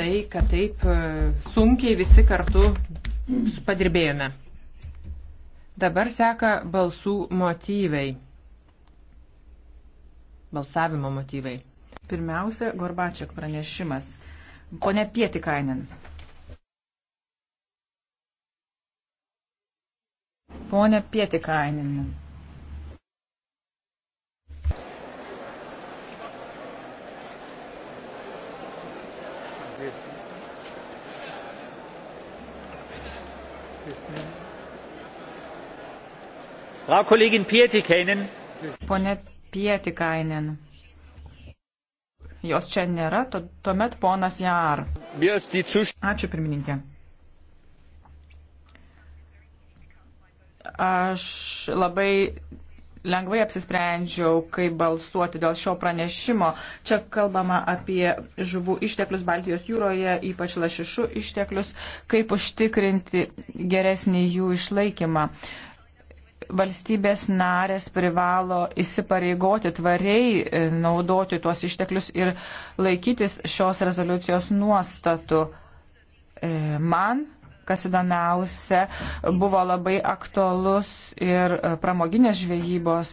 tai, kad taip e, sunkiai visi kartu padirbėjome. Dabar seka balsų motyvai. Balsavimo motyvai. Pirmiausia, Gorbačiak pranešimas. Pone Pietikainen. Pone Pietikainen. Frau Kollegin Pietikainen. Pone Pietikainen. Jos čia nėra, to, tuomet ponas Jar. Ačiū pirmininkė. Aš labai lengvai apsisprendžiau, kaip balsuoti dėl šio pranešimo. Čia kalbama apie žuvų išteklius Baltijos jūroje, ypač lašišų išteklius, kaip užtikrinti geresnį jų išlaikymą. Valstybės narės privalo įsipareigoti tvariai e, naudoti tuos išteklius ir laikytis šios rezoliucijos nuostatų. E, man kas įdomiausia, buvo labai aktualus ir e, pramoginės žvejybos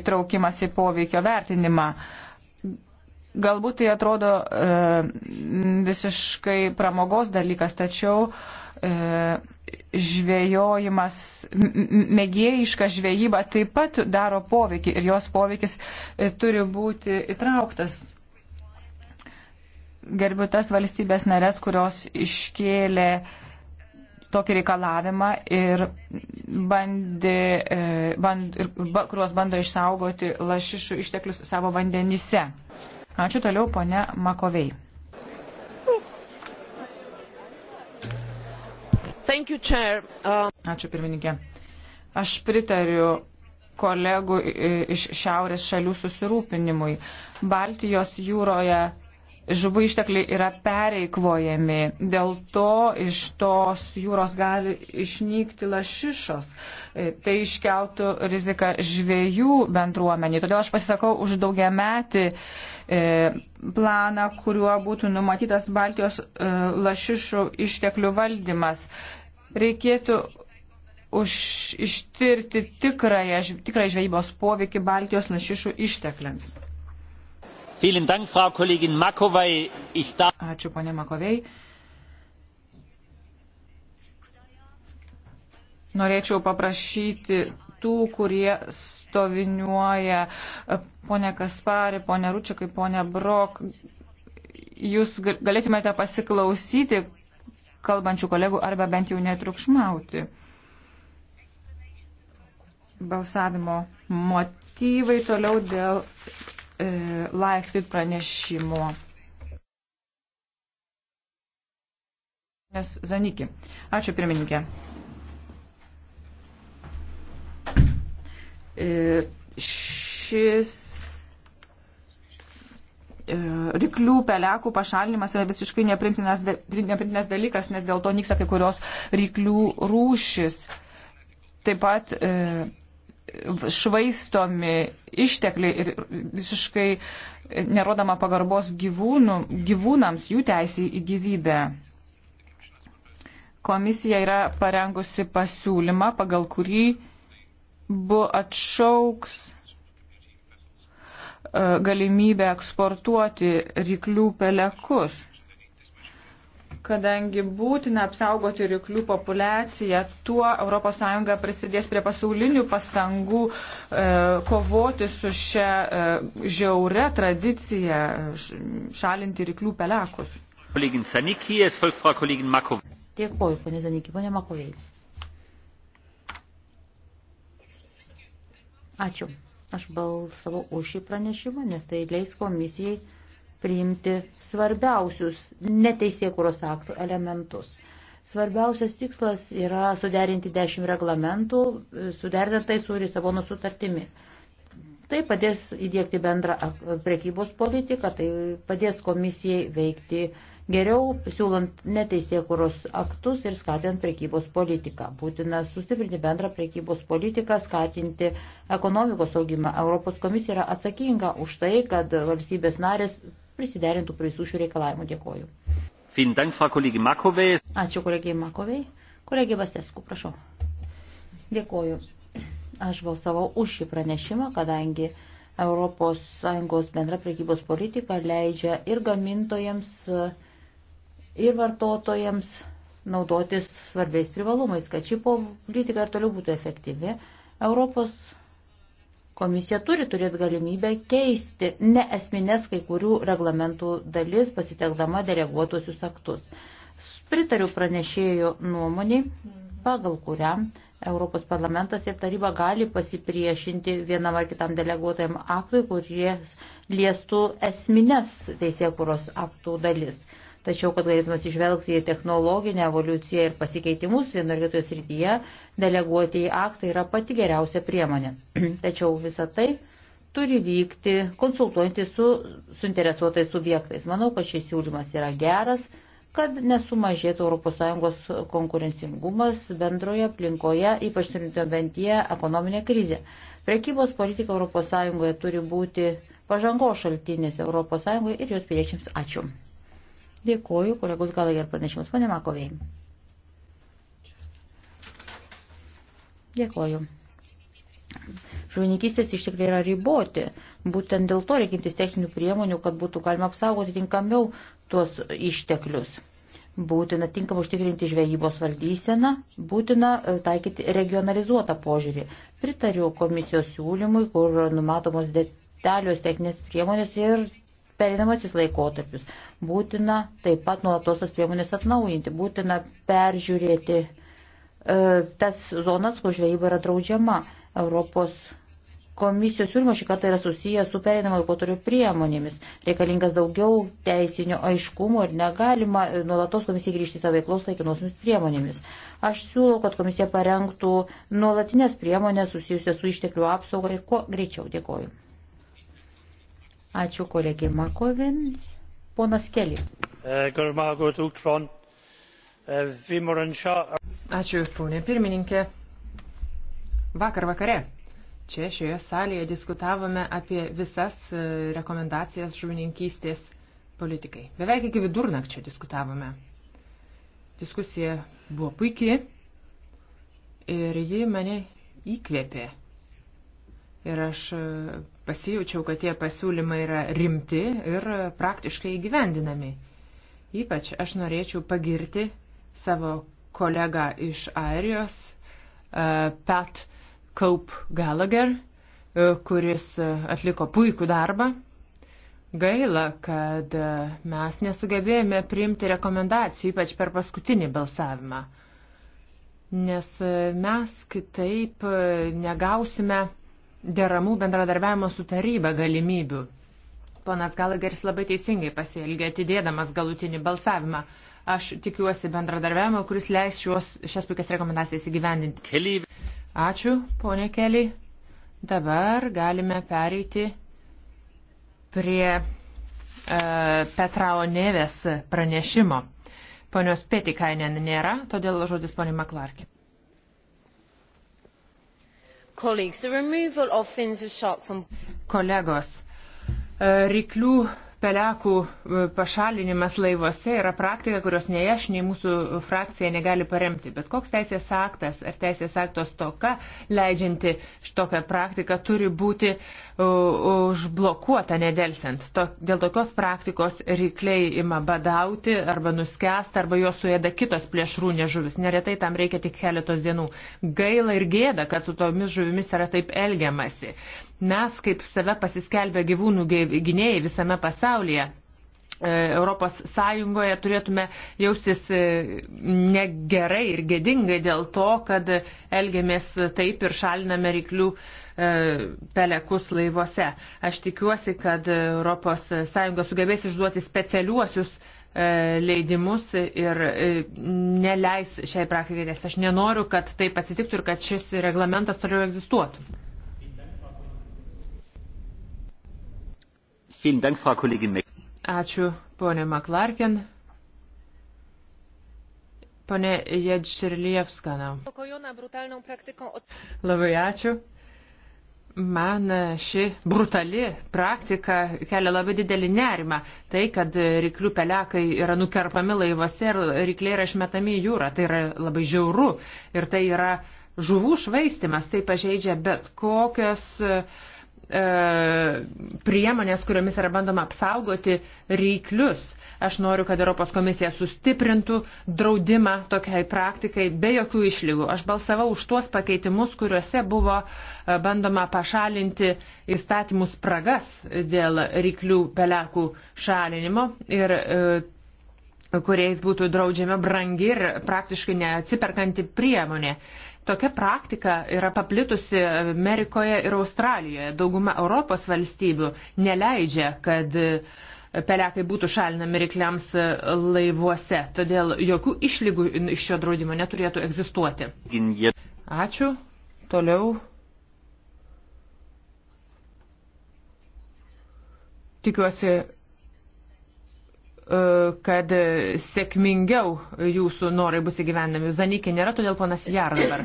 įtraukimas į poveikio vertinimą. Galbūt tai atrodo e, visiškai pramogos dalykas, tačiau e, žvėjojimas, mėgėjiška žvėjyba taip pat daro poveikį ir jos poveikis e, turi būti įtrauktas. Gerbiu tas valstybės narės, kurios iškėlė e, tokį reikalavimą ir, bandė, e, band, ir ba, kuriuos bando išsaugoti lašišų išteklius savo vandenyse. Ačiū toliau, ponia Makovei. You, uh... Ačiū pirmininkė. Aš pritariu kolegų e, iš šiaurės šalių susirūpinimui. Baltijos jūroje žuvų ištekliai yra pereikvojami. Dėl to iš tos jūros gali išnykti lašišos. E, tai iškeltų riziką žvėjų bendruomenį. Todėl aš pasisakau už daugiametį e, planą, kuriuo būtų numatytas Baltijos e, lašišų išteklių valdymas. Reikėtų už, ištirti tikrąją, tikrąją žvejybos poveikį Baltijos lašišų ištekliams. Ačiū, ponė Makovei. Norėčiau paprašyti tų, kurie stoviniuoja, e, ponė Kaspari, ponė Ručiakai, ponė Brok, jūs galėtumėte pasiklausyti kalbančių kolegų arba bent jau netrukšmauti. Balsavimo motyvai toliau dėl E, Laiksit pranešimo. Nes Zaniki. Ačiū pirmininkė. E, šis e, ryklių pelekų pašalinimas yra visiškai neprimtinas, neprimtinas dalykas, nes dėl to nyksta kai kurios ryklių rūšis. Taip pat švaistomi ištekliai ir visiškai nerodama pagarbos gyvūnų, gyvūnams, jų teisį į gyvybę. Komisija yra parengusi pasiūlymą, pagal kurį bu atšauks e, galimybę eksportuoti ryklių pelekus kadangi būtina apsaugoti ryklių populiaciją, tuo ES prisidės prie pasaulinių pastangų e, kovoti su šia e, žiaure tradicija š, šalinti ryklių pelekus. Dėkuoju, ponė Zanikį, ponė Makovėjai. Ačiū. Aš balsavau už šį pranešimą, nes tai leis komisijai priimti svarbiausius neteisėkuros aktų elementus. Svarbiausias tikslas yra suderinti dešimt reglamentų, suderintai su Lisabono sutartimi. Tai padės įdėkti bendrą priekybos politiką, tai padės komisijai veikti uh, geriau siūlant neteisėkuros aktus ir skatinant prekybos politiką. Būtina sustiprinti bendrą prekybos politiką, skatinti ekonomikos augimą. Europos komisija yra atsakinga už tai, kad valstybės narės prisiderintų prie visų šių reikalavimų. Dėkoju. Ačiū kolegijai Makovei. Kolegija Vastesku, prašau. Dėkoju. Aš balsavau už šį pranešimą, kadangi ES bendra prekybos politika leidžia ir gamintojams uh, ir vartotojams naudotis svarbiais privalumais, kad ši politika ir toliau būtų efektyvi. Europos komisija turi turėti galimybę keisti neesminės kai kurių reglamentų dalis, pasitelkdama deleguotusius aktus. Pritariu pranešėjų nuomonį, pagal kurią Europos parlamentas ir taryba gali pasipriešinti vienam ar kitam deleguotojam aktui, kurie liestų esminės teisėkuros aktų dalis. Tačiau, kad galėtume atsižvelgti į technologinę evoliuciją ir pasikeitimus vienoje ar kitoje srityje, deleguoti į aktą yra pati geriausia priemonė. Tačiau visa tai turi vykti konsultuojantį su suinteresuotais subjektais. Manau, kad šis siūlymas yra geras, kad nesumažėtų ES konkurencingumas bendroje aplinkoje, ypač turint omenyje ekonominę krizę. Prekybos politika ES turi būti pažangos šaltinis ES ir jos piliečiams. Ačiū. Dėkuoju kolegos galai ir pranešimus. Pane Makovėjai. Dėkuoju. Žuvininkystės ištekliai yra riboti. Būtent dėl to reikimtis techninių priemonių, kad būtų galima apsaugoti tinkamiau tuos išteklius. Būtina tinkamai užtikrinti žvejybos valdyseną, būtina e, taikyti regionalizuotą požiūrį. Pritariu komisijos siūlymui, kur numatomos detalios techninės priemonės ir perinamasis laikotarpius. Būtina taip pat nuolatos tas priemonės atnaujinti, būtina peržiūrėti e, tas zonas, kur žvejyba yra draudžiama. Europos komisijos siūlymas šį kartą yra susijęs su pereinamo laikotarpio priemonėmis. Reikalingas daugiau teisinio aiškumo ir negalima e, nuolatos komisijai grįžti savo veiklos laikinosiomis priemonėmis. Aš siūlau, kad komisija parengtų nuolatinės priemonės susijusias su išteklių apsauga ir kuo greičiau dėkoju. Ačiū kolegė Makovin. Ponas Keli. Ačiū, ponė pirmininkė. Vakar vakare čia šioje salėje diskutavome apie visas e, rekomendacijas žuvininkystės politikai. Beveik iki vidurnakčio diskutavome. Diskusija buvo puikiai ir ji mane įkvėpė Ir aš e, pasijaučiau, kad tie pasiūlymai yra rimti ir e, praktiškai įgyvendinami. Ypač aš norėčiau pagirti savo kolegą iš Airijos, e, Pat Cope Gallagher, kuris atliko puikų darbą. Gaila, kad mes nesugebėjome priimti rekomendacijų, ypač per paskutinį balsavimą, nes mes kitaip negausime deramų bendradarbiavimo su taryba galimybių. Ponas Galagaris labai teisingai pasielgė, atidėdamas galutinį balsavimą. Aš tikiuosi bendradarbiavimo, kuris leis šios, šias puikias rekomendacijas įgyvendinti. Keli. Ačiū, ponė Keli. Dabar galime pereiti prie e, Petrao Neves pranešimo. Ponios Petikainen nėra, todėl žodis ponė Maklarkė. Kolegos, e, ryklių pelekų e, pašalinimas laivuose yra praktika, kurios nei aš, nei mūsų frakcija negali paremti. Bet koks teisės aktas ar teisės aktos toka, leidžianti šitokią praktiką, turi būti uh, užblokuota nedelsiant. To, dėl tokios praktikos rykliai ima badauti arba nuskęsta, arba juos suėda kitos plėšrūnės žuvis. Neretai tam reikia tik keletos dienų. Gaila ir gėda, kad su tomis žuvimis yra taip elgiamasi. Mes, kaip save pasiskelbę gyvūnų gynėjai visame pasaulyje, e, Europos Sąjungoje turėtume jaustis e, negerai ir gėdingai dėl to, kad elgiamės taip ir šaliname ryklių uh, E, pelekus laivuose. Aš tikiuosi, kad ES sugebės išduoti specialiuosius e, leidimus ir e, neleis šiai praktikai, nes aš nenoriu, kad tai pasitiktų ir kad šis reglamentas toliau egzistuotų. Ačiū, ponė Maklarkin. Pone Jedžirlievska. Labai ačiū. Man ši brutali praktika kelia labai didelį nerimą. Tai, kad ryklių pelekai yra nukerpami laivuose ir rykliai yra išmetami į jūrą, tai yra labai žiauru. Ir tai yra žuvų švaistimas, tai pažeidžia bet kokios uh, E, priemonės, kuriomis yra bandoma apsaugoti reiklius. Aš noriu, kad Europos komisija sustiprintų draudimą tokiai praktikai be jokių išlygų. Aš balsavau už tuos pakeitimus, kuriuose buvo e, bandoma pašalinti įstatymus spragas dėl reiklių pelekų šalinimo ir e, kuriais būtų draudžiama brangi ir praktiškai neatsiperkanti priemonė. Tokia praktika yra paplitusi Amerikoje ir Australijoje. Dauguma Europos valstybių neleidžia, kad pelekai būtų šalinami rykliams laivuose. Todėl jokių išlygų iš šio draudimo neturėtų egzistuoti. Ačiū. Toliau. Tikiuosi, E, kad sėkmingiau jūsų norai bus įgyvendami. Zanikė nėra, todėl ponas Jar dabar.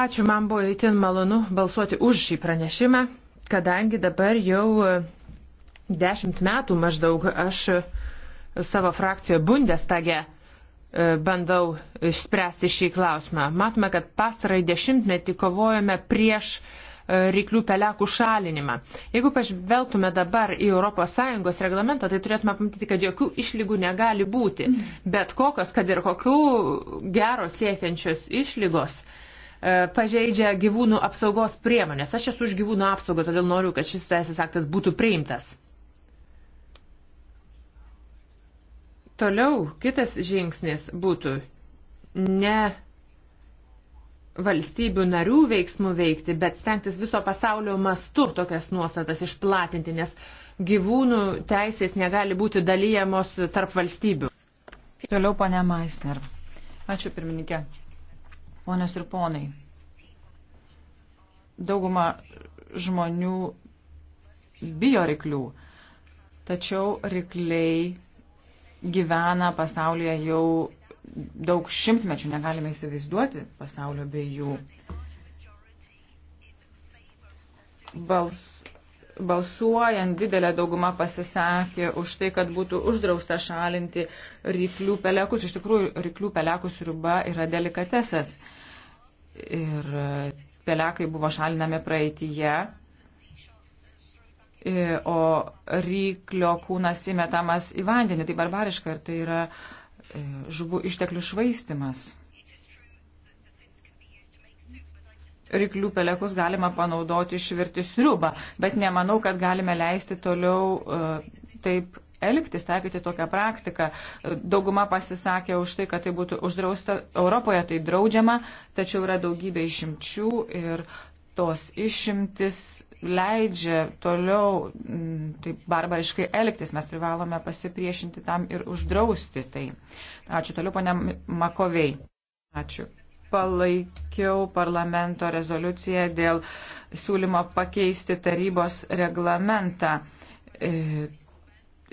Ačiū, man buvo įtin malonu balsuoti už šį pranešimą, kadangi dabar jau dešimt metų maždaug aš savo frakcijoje Bundestage e, bandau išspręsti šį klausimą. Matome, kad pastarai dešimtmetį kovojame prieš uh, reiklių pelekų šalinimą. Jeigu pažvelgtume dabar į ES reglamentą, tai turėtume pamatyti, kad jokių išlygų negali būti. Bet kokios, kad ir kokių gero siekiančios išlygos e, pažeidžia gyvūnų apsaugos priemonės. Aš esu už gyvūnų apsaugą, todėl noriu, kad šis teisės aktas būtų priimtas. Toliau kitas žingsnis būtų ne valstybių narių veiksmų veikti, bet stengtis viso pasaulio mastu tokias nuostatas išplatinti, nes gyvūnų teisės negali būti dalyjamos tarp valstybių. Toliau, ponė Maisner. Ačiū, pirmininkė. Ponios ir ponai. Dauguma žmonių bijo ryklių, tačiau rykliai gyvena pasaulyje jau daug šimtmečių negalime įsivaizduoti pasaulio be jų. Bals, balsuojant didelė dauguma pasisakė už tai, kad būtų uždrausta šalinti ryklių pelekus. Iš tikrųjų, ryklių pelekų sriuba yra delikatesas. Ir pelekai buvo šalinami praeitįje, e, o ryklio kūnas įmetamas į vandenį. Tai barbariška ir tai yra uh, E, žuvų išteklių švaistimas. Ryklių pelekus galima panaudoti išvirti sriubą, bet nemanau, kad galime leisti toliau uh, taip elgtis, taikyti tokią praktiką. Dauguma pasisakė už tai, kad tai būtų uždrausta, Europoje tai draudžiama, tačiau yra daugybė išimčių ir tos išimtis leidžia toliau mm, taip barbariškai elgtis. Mes privalome pasipriešinti tam ir uždrausti tai. Ačiū toliau, ponė Makovei. Ačiū. Palaikiau parlamento rezoliuciją dėl siūlymo pakeisti tarybos reglamentą. E,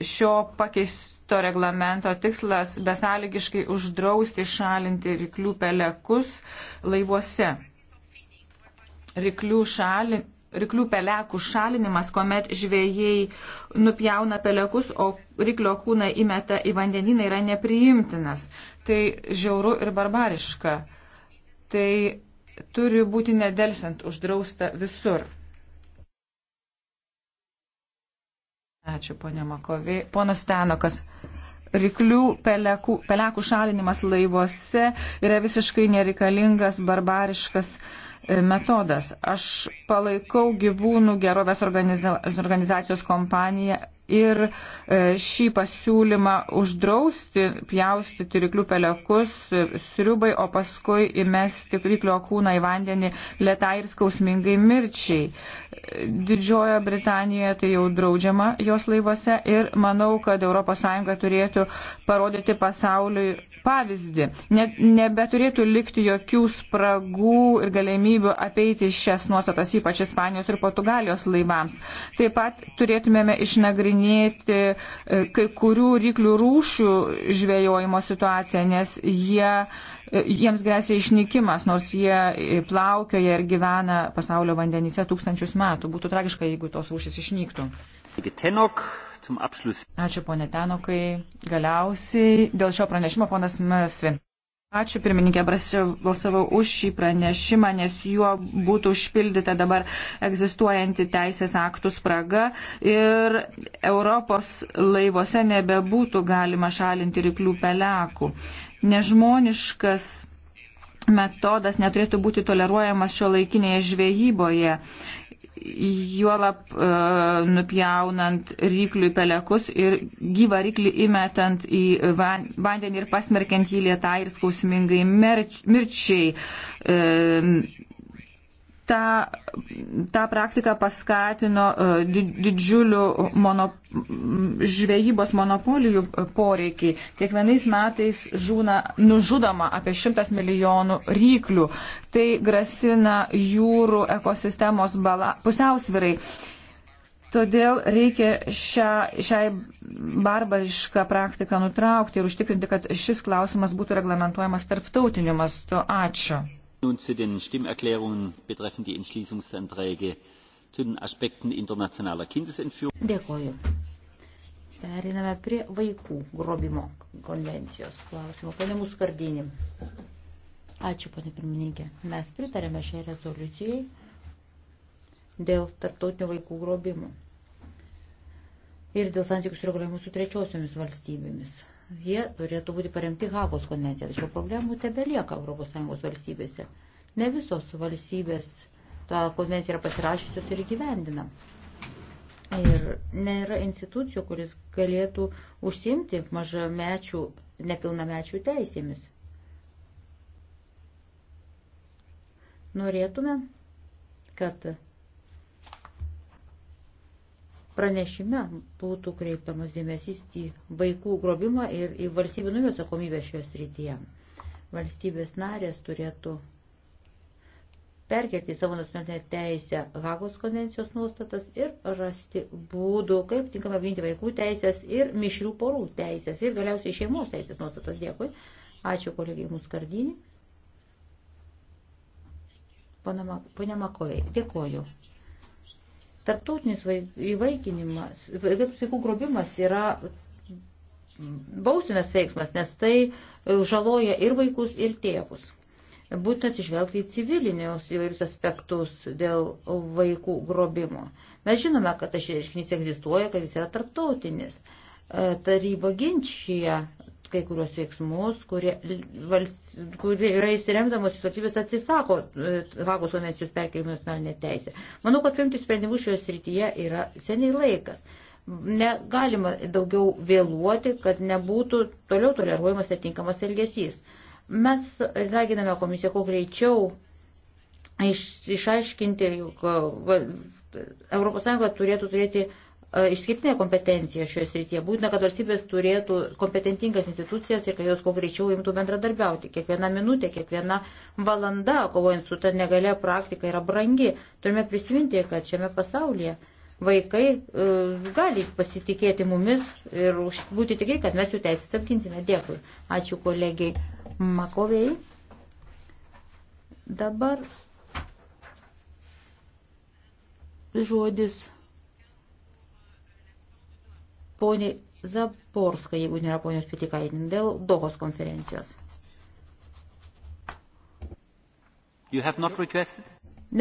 šio pakeisto reglamento tikslas besąlygiškai uždrausti šalinti ryklių pelekus laivuose ryklių šalin, ryklių pelekų šalinimas, kuomet žvėjai nupjauna pelekus, o ryklio kūną įmeta į vandeniną yra nepriimtinas. Tai žiauru ir barbariška. Tai turi būti nedelsiant uždrausta visur. Ačiū, ponė Makovė. Ponas Tenokas ryklių pelekų, pelekų šalinimas laivuose yra visiškai nereikalingas, barbariškas metodas. Aš palaikau gyvūnų gerovės organizacijos kompaniją ir e, šį pasiūlymą uždrausti, pjaustyti ryklių pelekus, e, sriubai, o paskui įmesti ryklio kūną į vandenį lietai ir skausmingai mirčiai. Didžiojo Britanijoje tai jau draudžiama jos laivuose ir manau, kad ES turėtų parodyti pasauliui pavyzdį. Ne, nebeturėtų likti jokių spragų ir galimybių apeiti šias nuostatas, ypač Ispanijos ir Portugalijos laivams. Taip pat turėtumėme išnagrinėti e, kai kurių ryklių rūšių žvėjojimo situaciją, nes jie, e, jiems grėsia išnykimas, nors jie plaukioja ir gyvena pasaulio vandenyse tūkstančius metų. Būtų tragiška, jeigu tos rūšis išnyktų. Tenok, Ačiū, ponė Tenokai. Galiausiai dėl šio pranešimo ponas Murphy. Ačiū, pirmininkė, balsavau už šį pranešimą, nes juo būtų užpildyta dabar egzistuojanti teisės aktų spraga ir Europos laivuose nebebūtų galima šalinti ryklių pelekų. Nežmoniškas metodas neturėtų būti toleruojamas šio laikinėje žvejyboje juolap e, nupjaunant rykliui pelekus ir gyvą ryklį įmetant į van, vandenį ir pasmerkiant jį lietai ir skausmingai merč, mirčiai. E, tą, tą praktiką paskatino e, didžiulių mono, žvejybos monopolijų poreikiai. Kiekvienais metais žūna, nužudoma apie šimtas milijonų ryklių. Tai grasina jūrų ekosistemos bala, pusiausvirai. Todėl reikia šią, šiai barbarišką praktiką nutraukti ir užtikrinti, kad šis klausimas būtų reglamentuojamas tarptautiniu mastu. Ačiū. Nun zu den Stimmerklärungen betreffend die Entschließungsanträge zu den Aspekten internationaler Kindesentführung. Dėkoju. Periname prie vaikų grobimo konvencijos klausimo. Pane Muskardinį. Ačiū, pane pirmininkė. Mes pritarėme šiai rezoliucijai dėl tarptautinių vaikų grobimų ir dėl santykių sureguliavimų su trečiosiomis valstybėmis jie turėtų būti paremti Hagos konvencija, tačiau problemų tebelieka ES valstybėse. Ne visos valstybės tą konvenciją yra pasirašysios ir gyvendina. Ir nėra institucijų, kuris galėtų užsimti mažamečių, nepilnamečių teisėmis. Norėtume, kad Pranešime būtų kreiptamas dėmesys į vaikų grobimą ir į valstybių narių atsakomybę šioje srityje. Valstybės narės turėtų perkelti savo nacionalinę teisę Hagos konvencijos nuostatas ir rasti būdų, kaip tinkamai apginti vaikų teisės ir mišrių porų teisės ir galiausiai šeimos teisės nuostatas. Dėkui. Ačiū kolegijai Muskardinį. Pane Makovai, dėkoju. Tarptautinis įvaikinimas, vaikų grobimas yra bausinas veiksmas, nes tai e, žaloja ir vaikus, ir tėvus. Būtent atsižvelgti į civilinius įvairius aspektus dėl vaikų grobimo. Mes žinome, kad tas reiškinys egzistuoja, kad jis yra tarptautinis. E, taryba ginčia kai kurios veiksmus, kurie, vals, kurie yra įsiremdamos valstybės atsisako e, Hagos konvencijos perkelimo nacionalinė teisė. Manau, kad priimti sprendimus šioje srityje yra seniai laikas. Negalima daugiau vėluoti, kad nebūtų toliau toleruojamas atinkamas elgesys. Mes raginame komisiją kuo greičiau iš, išaiškinti, jog ES turėtų turėti E, išskirtinė kompetencija šioje srityje. Būtina, kad valstybės turėtų kompetentingas institucijas ir kad jos kuo greičiau imtų bendradarbiauti. Kiekviena minutė, kiekviena valanda, kovojant su ta negalia praktika, yra brangi. Turime prisiminti, kad šiame pasaulyje vaikai e, gali pasitikėti mumis ir už, būti tikri, kad mes jų teisės apginsime. Dėkui. Ačiū kolegiai Makovėjai. Dabar žodis Pone Zaborska, jeigu nėra ponios Pitikainin, dėl Dohos konferencijos.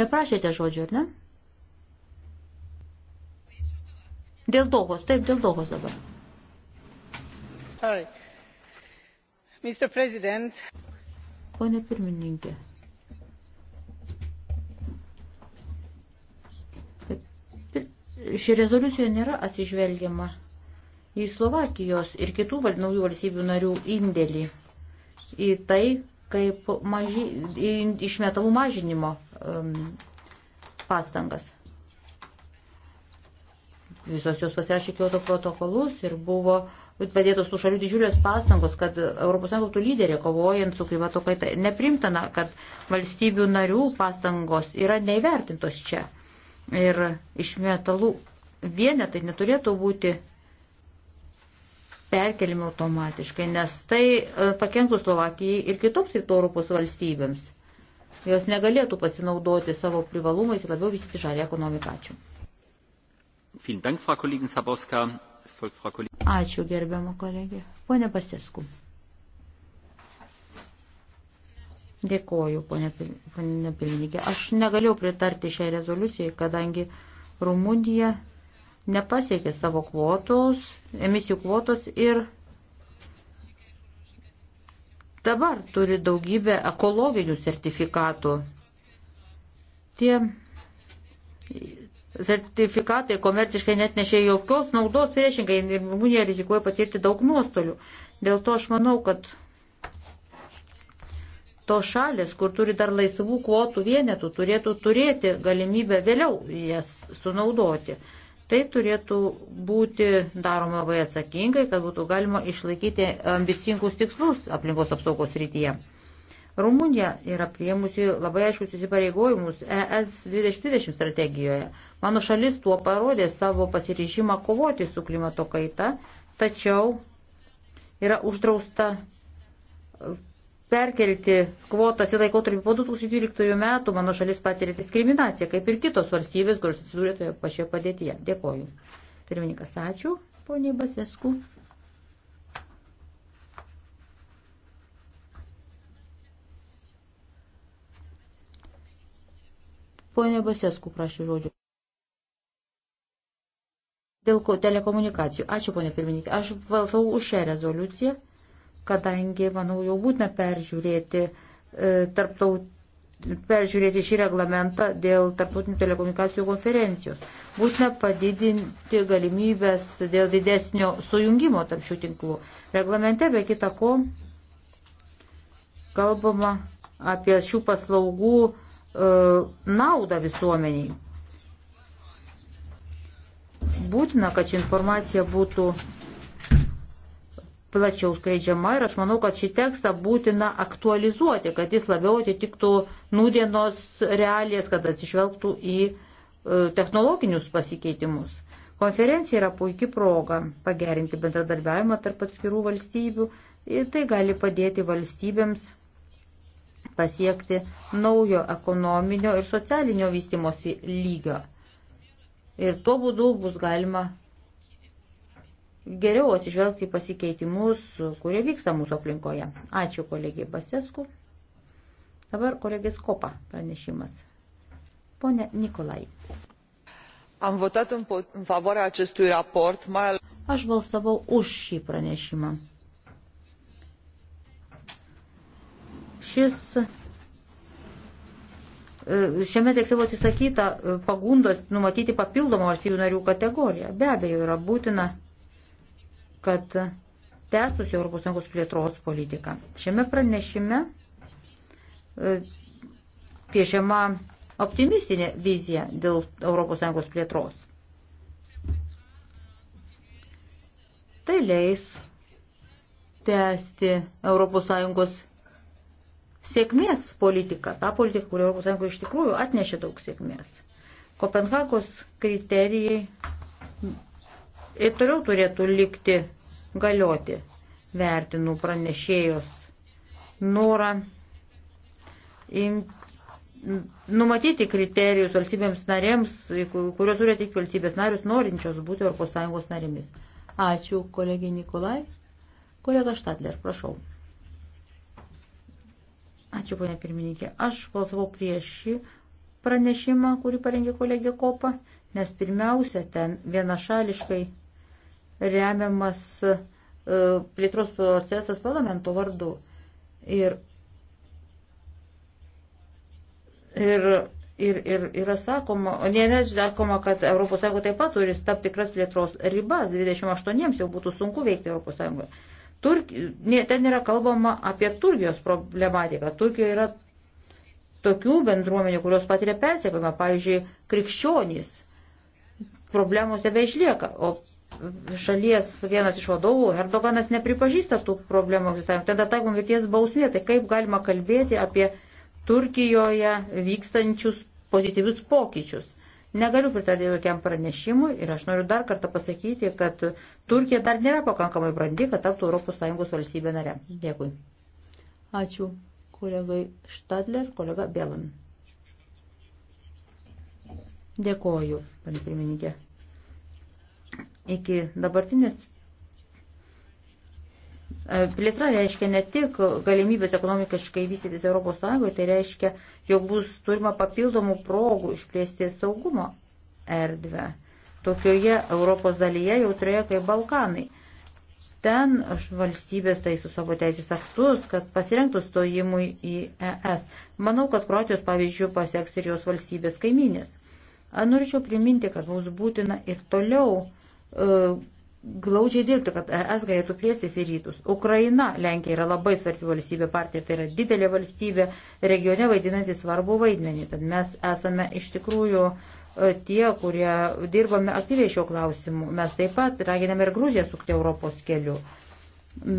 Neprašėte žodžio, ar ne? Dėl Dohos, taip, dėl Dohos dabar. Sorry. Mr. President. Pone pirmininkė. Ši rezoliucija nėra atsižvelgiama į Slovakijos ir kitų naujų valstybių narių indėlį į tai, kaip maži, išmetalų mažinimo um, pastangas. Visos jos pasirašė Kyoto protokolus ir buvo padėtos tų šalių didžiulės pastangos, kad ES būtų lyderė kovojant su klimato kaita. Neprimtana, kad valstybių narių pastangos yra neįvertintos čia. Ir iš metalų vienetai neturėtų būti perkelime automatiškai, nes tai e, pakenktų Slovakijai ir kitoms rytų Europos valstybėms. Jos negalėtų pasinaudoti savo privalumais ir labiau vystyti žalį ekonomiką. Ačiū. Ačiū gerbiamo kolegė. Pone Pasesku. Dėkoju, ponė, ponė Pilnikė. Aš negalėjau pritarti šiai rezoliucijai, kadangi Rumunija nepasiekė savo kvotos, emisijų kvotos ir dabar turi daugybę ekologinių sertifikatų. Tie sertifikatai komerciškai net nešė jokios naudos, priešingai Rumunija rizikuoja patirti daug nuostolių. Dėl to aš manau, kad tos šalis, kur turi dar laisvų kvotų vienetų, turėtų turėti galimybę vėliau jas sunaudoti. Tai turėtų būti daroma labai atsakingai, kad būtų galima išlaikyti ambicingus tikslus aplinkos apsaugos rytyje. Rumunija yra priemusi labai aiškus įsipareigojimus ES 2020 strategijoje. Mano šalis tuo parodė savo pasiryžimą kovoti su klimato kaita, tačiau yra uždrausta perkelti kvotas į laikotarpį po 2012 metų, mano šalis patiria diskriminaciją, kaip ir kitos valstybės, kurios atsidūrė toje pačioje padėtyje. Dėkoju. Pirmininkas, ačiū, poniai Basesku. Pone Basesku, prašau žodžiu. Dėl telekomunikacijų. Ačiū, ponė pirmininkė. Aš valsau už šią rezoliuciją kadangi, manau, jau būtina peržiūrėti, e, tarptaut, peržiūrėti šį reglamentą dėl tarptautinių telekomunikacijų konferencijos. Būtina padidinti galimybės dėl didesnio sujungimo tarp šių tinklų. Reglamente be kita ko kalbama apie šių paslaugų e, naudą visuomeniai. Būtina, kad ši informacija būtų plačiau skleidžiama ir aš manau, kad šį tekstą būtina aktualizuoti, kad jis labiau atitiktų nūdienos realijas, kad atsižvelgtų į e, technologinius pasikeitimus. Konferencija yra puikia proga pagerinti bendradarbiavimą tarp atskirų valstybių ir tai gali padėti valstybėms pasiekti naujo ekonominio ir socialinio vystimosi lygio. Ir tuo būdu bus galima geriau atsižvelgti į pasikeitimus, kurie vyksta mūsų aplinkoje. Ačiū kolegijai Basesku. Dabar kolegės Kopa pranešimas. Pone Nikolai. Am votat în favoarea acestui raport, mai ales... Aš balsavau už šį pranešimą. Šis e, Šiame tekste buvo atsisakyta e, pagundos numatyti papildomą valstybių narių kategoriją. Be abejo, yra būtina kad tęstųsi ES plėtros politika. Šiame pranešime e, piešiama optimistinė vizija dėl ES plėtros. Tai leis tęsti ES sėkmės politiką, tą politiką, kurį ES iš tikrųjų atnešė daug sėkmės. Kopenhagos kriterijai ir toliau turėtų likti galioti. Vertinu pranešėjos norą numatyti kriterijus valstybėms narėms, kurios turi tik valstybės narius norinčios būti ES narėmis. Ačiū, kolegė Nikolai. Kolega Štatler, prašau. Ačiū, ponia pirmininkė. Aš balsavau prieš šį pranešimą, kurį parengė kolegė Kopa, nes pirmiausia ten vienašališkai remiamas e, plėtros procesas parlamento vardu. Ir, ir, ir, ir yra sakoma, nėra sakoma, kad ES taip pat turi tam tikras plėtros ribas, 28 jau būtų sunku veikti ES. Turk, ten yra kalbama apie Turkijos problematiką. Turkijoje yra tokių bendruomenių, kurios patiria persiekimą, pavyzdžiui, krikščionys. Problemos tebe išlieka, o šalies vienas iš vadovų, Erdoganas, nepripažįsta tų problemų egzistavimo. Tada taikoma mirties bausmė, tai kaip galima kalbėti apie Turkijoje vykstančius pozityvius pokyčius. Negaliu pritarti jokiam pranešimui ir aš noriu dar kartą pasakyti, kad Turkija dar nėra pakankamai brandi, kad taptų ES valstybė nare. Dėkui. Ačiū kolegai Štadler, kolega Bielan. Dėkoju, pan pirmininkė iki dabartinės e, plėtra reiškia ne tik galimybės ekonomikiškai vystytis ES, tai reiškia, jog bus turima papildomų progų išplėsti saugumo erdvę. Tokioje Europos dalyje jautrioje kaip Balkanai. Ten valstybės tai su savo teisės aktus, kad pasirengtų stojimui į ES. Manau, kad Kroatijos pavyzdžių pasieks ir jos valstybės kaiminės. Norėčiau priminti, kad mums būtina ir toliau E, glaudžiai dirbti, kad es galėtų plėstis į rytus. Ukraina, Lenkija yra labai svarbi valstybė partija, tai yra didelė valstybė, regione vaidinanti svarbu vaidmenį. Tad mes esame iš tikrųjų e, tie, kurie dirbame aktyviai šio klausimu. Mes taip pat raginame ir Gruziją sukti Europos keliu.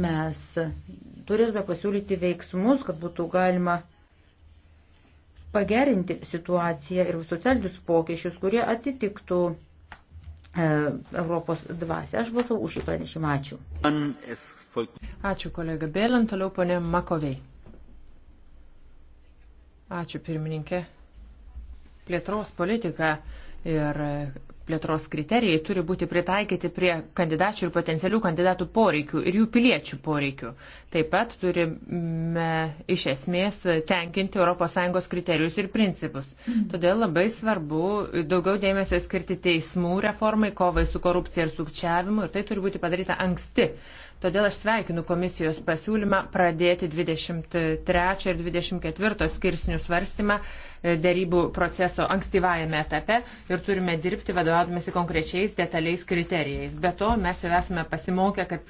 Mes turėtume pasiūlyti veiksmus, kad būtų galima pagerinti situaciją ir socialinius pokyčius, kurie atitiktų Europos dvasia. Aš balsavau už šį pranešimą. Ačiū. Ačiū kolega Bėlin, toliau ponė Makovei. Ačiū pirmininkė. Plėtros politika ir plėtros kriterijai turi būti pritaikyti prie kandidačių ir potencialių kandidatų poreikių ir jų piliečių poreikių. Taip pat turime iš esmės tenkinti ES kriterijus ir principus. Todėl labai svarbu daugiau dėmesio skirti teismų reformai, kovai su korupcija ir sukčiavimu ir tai turi būti padaryta anksti. Todėl aš sveikinu komisijos pasiūlymą pradėti 23 ir 24 skirsnių svarstymą e, dėrybų proceso ankstyvajame etape ir turime dirbti vadovaudomėsi konkrečiais detaliais kriterijais. Be to, mes jau esame pasimokę, kad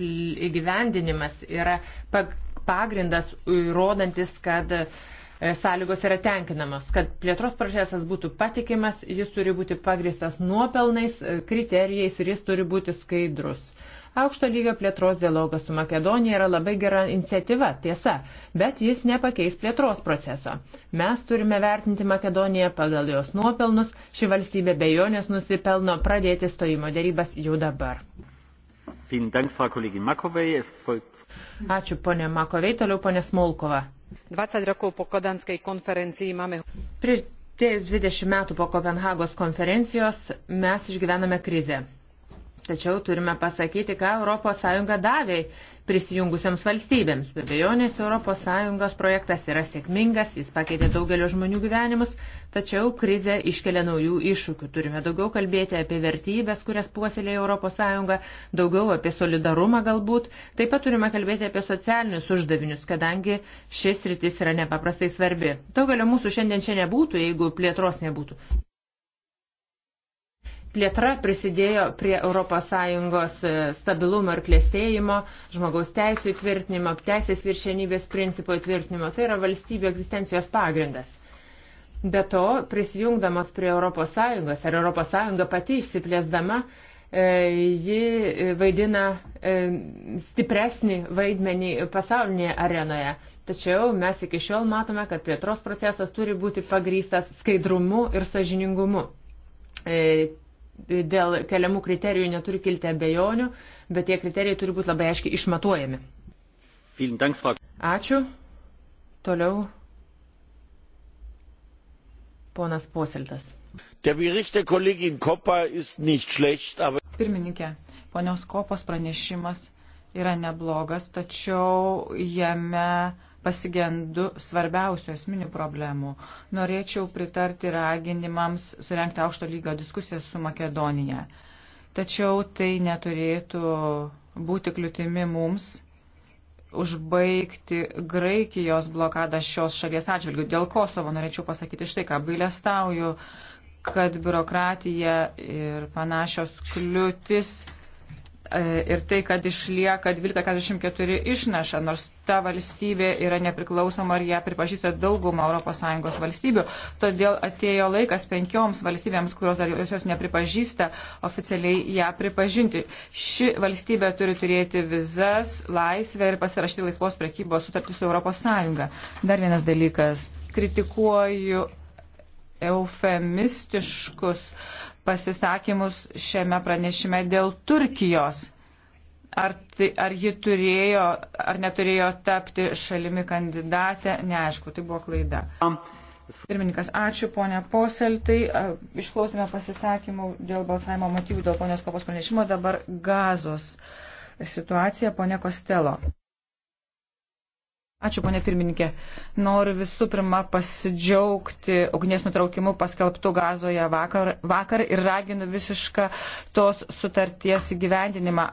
įgyvendinimas yra pagrindas įrodantis, kad e, sąlygos yra tenkinamos, kad plėtros procesas būtų patikimas, jis turi būti pagristas nuopelnais, e, kriterijais ir jis turi būti skaidrus. Aukšto lygio plėtros dialogas su Makedonija yra labai gera iniciatyva, tiesa, bet jis nepakeis plėtros proceso. Mes turime vertinti Makedoniją pagal jos nuopelnus, ši valstybė be jonės nusipelno pradėti stojimo dėrybas jau dabar. Ačiū ponė Makovei, toliau ponė Smolkova. 20 rokov po Kodanskej konferencijai máme. Prieš 20 metų po Kopenhagos konferencijos mes išgyvename krizę. Tačiau turime pasakyti, ką ES davė prisijungusioms valstybėms. Be abejonės ES projektas yra sėkmingas, jis pakeitė daugelio žmonių gyvenimus, tačiau krize iškelia naujų iššūkių. Turime daugiau kalbėti apie vertybės, kurias puoselėja ES, daugiau apie solidarumą galbūt. Taip pat turime kalbėti apie socialinius uždavinius, kadangi šis rytis yra nepaprastai svarbi. Daugelio mūsų šiandien čia nebūtų, jeigu plėtros nebūtų plėtra prisidėjo prie ES e, stabilumo ir klėstėjimo, žmogaus teisų įtvirtinimo, teisės viršienybės principų įtvirtinimo. Tai yra valstybių egzistencijos pagrindas. Be to, prisijungdamos prie ES ar ES pati išsiplėsdama, e, ji vaidina e, stipresnį vaidmenį pasaulinėje arenoje. Tačiau mes iki šiol matome, kad plėtros procesas turi būti pagrystas skaidrumu ir sažiningumu dėl keliamų kriterijų neturi kilti abejonių, bet tie kriterijai turi būti labai aiškiai išmatuojami. Ačiū. Toliau ponas Poseltas. Pirmininkė, ponios Kopos pranešimas yra neblogas, tačiau jame pasigendu svarbiausių esminių problemų. Norėčiau pritarti raginimams surenkti aukšto lygio diskusijas su Makedonija. Tačiau tai neturėtų būti kliūtimi mums užbaigti Graikijos blokadą šios šalies atžvilgių. Dėl Kosovo norėčiau pasakyti štai ką. Bailestauju, kad biurokratija ir panašios kliūtis E, ir tai, kad išlieka 1244 išnaša, nors ta valstybė yra nepriklausoma ir ją pripažįsta daugumą ES valstybių. Todėl atėjo laikas penkioms valstybėms, kurios dar jos nepripažįsta, oficialiai ją pripažinti. Ši valstybė turi turėti vizas, laisvę ir pasirašyti laisvos prekybos sutartį su ES. Dar vienas dalykas. Kritikuoju eufemistiškus pasisakymus šiame pranešime dėl Turkijos. Ar, tai, ar ji turėjo, ar neturėjo tapti šalimi kandidatę, neaišku, tai buvo klaida. Pirmininkas, ačiū ponia Poseltai. Išklausime pasisakymų dėl balsavimo motyvų, dėl ponios kopos pranešimo. Dabar gazos situacija, ponia Kostelo. Ačiū, ponė pirmininkė. Noriu visų pirma pasidžiaugti ugnies nutraukimu paskelbtų gazoje vakar, vakar ir raginu visišką tos sutarties įgyvendinimą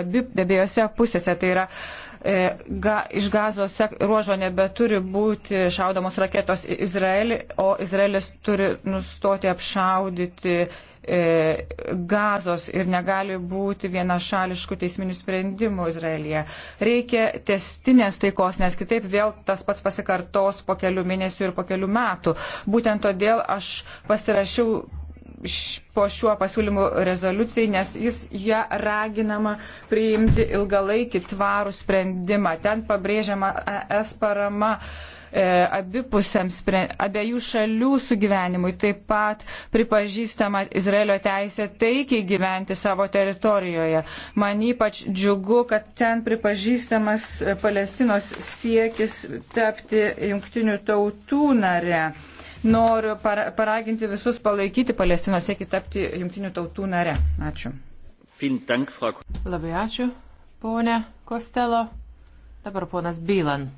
abi, abiejose pusėse. Tai yra, e, ga, iš gazos ruožo nebeturi būti šaudomos raketos į Izraelį, o Izraelis turi nustoti apšaudyti E, gazos ir negali būti vienašališkų teisminių sprendimų Izraelyje. Reikia testinės taikos, nes kitaip vėl tas pats pasikartos po kelių mėnesių ir po kelių metų. Būtent todėl aš pasirašiau po šiuo pasiūlymu rezoliucijai, nes jis ją raginama priimti ilgalaikį tvarų sprendimą. Ten pabrėžiama ES parama uh, E, abipusiams, abiejų šalių sugyvenimui. Taip pat pripažįstama Izraelio teisė taikiai gyventi savo teritorijoje. Man ypač džiugu, kad ten pripažįstamas Palestinos siekis tapti jungtinių tautų nare. Noriu paraginti visus palaikyti Palestinos siekį tapti jungtinių tautų nare. Ačiū. Labai ačiū, ponė Kostelo. Dabar ponas Bylan.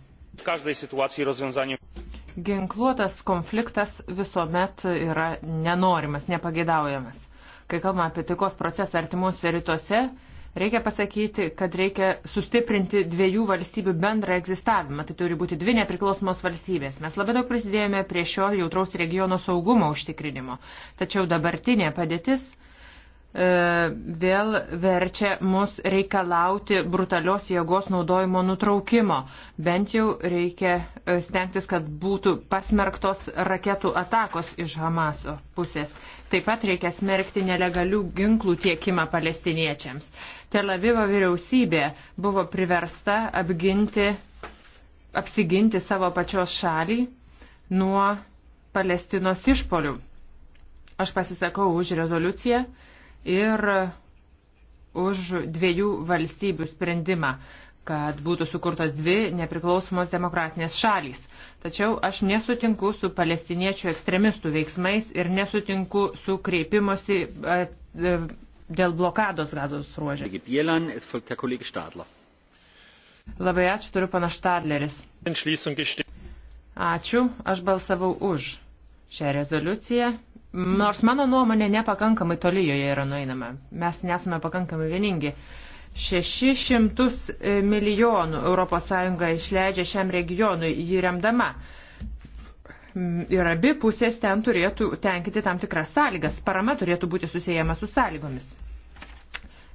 Ginkluotas konfliktas visuomet yra nenorimas, nepageidaujamas. Kai kalbame apie taikos procesą artimuose rytuose, reikia pasakyti, kad reikia sustiprinti dviejų valstybių bendrą egzistavimą. Tai turi būti dvi nepriklausomos valstybės. Mes labai daug prisidėjome prie šio jautraus regiono saugumo užtikrinimo. Tačiau dabartinė padėtis E, vėl verčia mus reikalauti brutalios jėgos naudojimo nutraukimo. Bent jau reikia e, stengtis, kad būtų pasmerktos raketų atakos iš Hamaso pusės. Taip pat reikia smerkti nelegalių ginklų tiekimą palestiniečiams. Tel Avivo vyriausybė buvo priversta apginti, apsiginti savo pačios šalį nuo Palestinos išpolių. Aš pasisakau už rezoliuciją ir už dviejų valstybių sprendimą, kad būtų sukurtos dvi nepriklausomos demokratinės šalys. Tačiau aš nesutinku su palestiniečių ekstremistų veiksmais ir nesutinku su kreipimosi dėl blokados gazos ruožė. Labai ačiū, turiu panaštadleris. Ačiū, aš balsavau už šią rezoliuciją. Nors mano nuomonė nepakankamai toli joje yra nueinama. Mes nesame pakankamai vieningi. 600 e, milijonų ES išleidžia šiam regionui jį remdama. Ir abi pusės ten turėtų tenkinti tam tikras sąlygas. Parama turėtų būti susijęma su sąlygomis.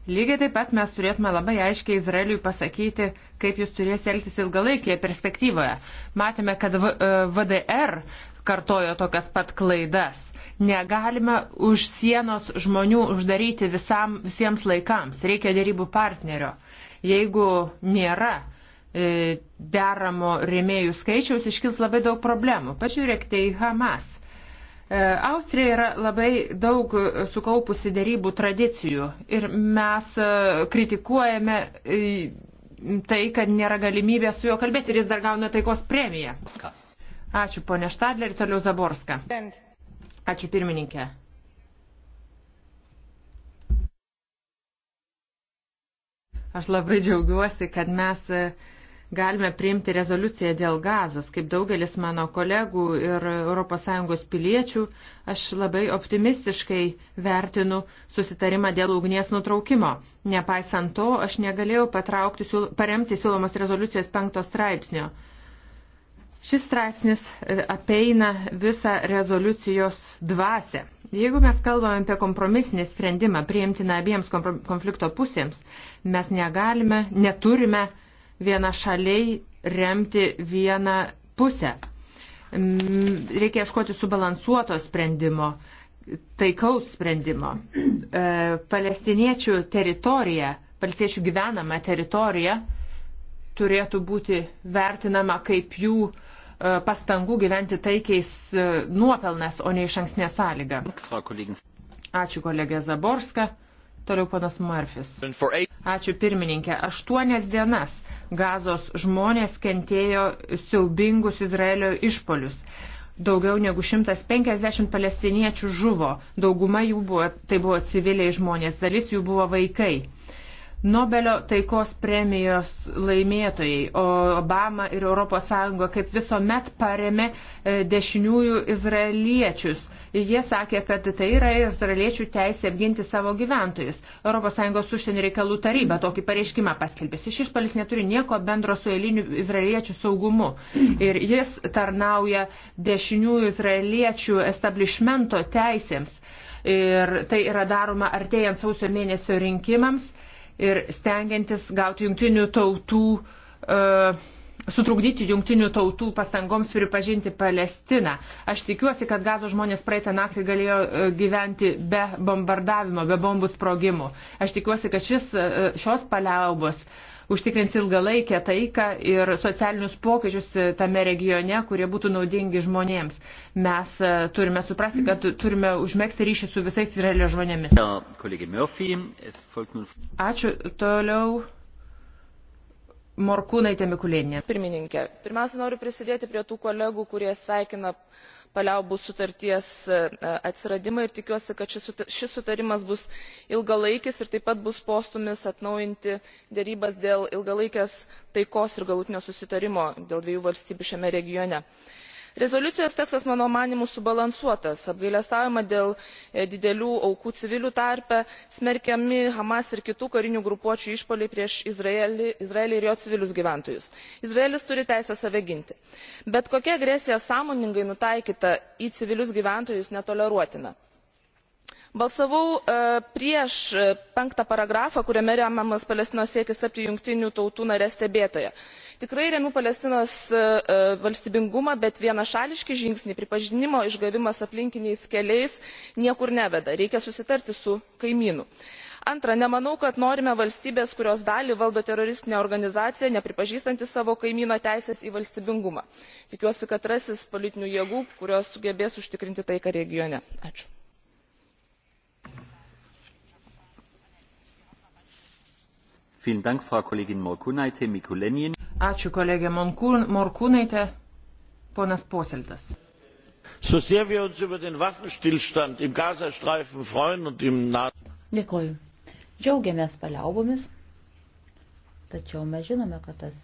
Lygiai taip pat mes turėtume labai aiškiai Izraeliui pasakyti, kaip jis turės elgtis ilgalaikėje perspektyvoje. Matėme, kad VDR e, kartojo tokias pat klaidas Negalime už sienos žmonių uždaryti visam, visiems laikams. Reikia dėrybų partnerio. Jeigu nėra e, deramo rėmėjų skaičiaus, iškils labai daug problemų. Pažiūrėkite tai į Hamas. E, Austrija yra labai daug sukaupusi dėrybų tradicijų ir mes e, kritikuojame e, tai, kad nėra galimybė su juo kalbėti ir jis dar gauna taikos premiją. Ačiū, ponė Štadler, toliau Zaborska. Dent. Ačiū pirmininkė. Aš labai džiaugiuosi, kad mes e, galime priimti rezoliuciją dėl gazos. Kaip daugelis mano kolegų ir ES piliečių, aš labai optimistiškai vertinu susitarimą dėl ugnies nutraukimo. Nepaisant to, aš negalėjau paremti siūlomos rezoliucijos penktos straipsnio. Šis straipsnis e, apeina visą rezoliucijos dvasę. Jeigu mes kalbame apie kompromisinį sprendimą priimtiną abiems konflikto pusėms, mes negalime, neturime viena šaliai remti vieną pusę. Reikia ieškoti subalansuoto sprendimo, taikaus sprendimo. E, palestiniečių teritorija, palestiečių gyvenama teritorija turėtų būti vertinama kaip jų uh, E, pastangų gyventi taikiais e, nuopelnas, o ne iš anksnė sąlyga. Ačiū kolegė Zaborska. Toliau panas Marfis. Ačiū pirmininkė. Aštuonias dienas gazos žmonės kentėjo siaubingus Izraelio išpolius. Daugiau negu 150 palestiniečių žuvo. Dauguma jų buvo, tai buvo civiliai žmonės, dalis jų buvo vaikai. Nobelio taikos premijos laimėtojai, o Obama ir ES kaip visuomet paremė e, dešiniųjų izraeliečius. Jie sakė, kad tai yra izraeliečių teisė apginti savo gyventojus. ES užsienio reikalų taryba tokį pareiškimą paskelbė. Šis išpalis neturi nieko bendro su eiliniu izraeliečių saugumu. Ir jis tarnauja dešiniųjų izraeliečių establishmento teisėms. Ir tai yra daroma artėjant sausio mėnesio rinkimams ir stengiantis gauti jungtinių tautų, uh, sutrukdyti jungtinių tautų pastangoms pripažinti Palestiną. Aš tikiuosi, kad gazo žmonės praeitą naktį galėjo e, gyventi be bombardavimo, be bombų sprogimų. Aš tikiuosi, kad šis, e, šios paliaubos uh, užtikrins ilgalaikę taiką ir socialinius pokyčius tame regione, kurie būtų naudingi žmonėms. Mes e, turime suprasti, kad turime užmėgsti ryšį su visais Izraelio žmonėmis. Ačiū. Toliau. Morkūnaitė Mikulėnė. Pirmininkė, pirmiausia noriu prisidėti prie tų kolegų, kurie sveikina paliaubų sutarties e, e, atsiradimą ir tikiuosi kad šis sutarimas bus ilgalaikis ir taip pat bus postūmis atnaujinti derybas dėl ilgalaikės taikos ir galutinio susitarimo dėl dviejų valstybių šiame regione rezoliucijos tekstas mano manymu subalansuotas apgailestaujama dėl e, didelių aukų civilių tarpe smerkiami hamas ir kitų karinių grupuočių išpuoliai prieš izraelį ir jo civilius gyventojus. izraelis turi teisę save ginti. bet kokia agresija sąmoningai nutaikyta į civilius gyventojus netoleruotina. balsavau e, prieš e, penktą paragrafą kuriame remiamas palestinos siekis tapti jungtinių tautų nare stebėtoja tikrai remiu palestinos e, e, valstybingumą bet vienašališki žingsniai pripažinimo išgavimas aplinkiniais keliais niekur neveda reikia susitarti su kaimynu. antra nemanau kad norime valstybės kurios dalį valdo teroristinė organizacija nepripažįstanti savo kaimyno teisės į valstybingumą. tikiuosi kad rasis politinių jėgų kurios sugebės užtikrinti taiką regione. ačiū. Ačiū kolegė Morkūnaitė, ponas Poseltas. Sosehr wir uns über den Waffenstillstand im Gazastreifen freuen und im NATO. Dėkoju. Džiaugiamės paliaubomis, tačiau mes žinome, kad tas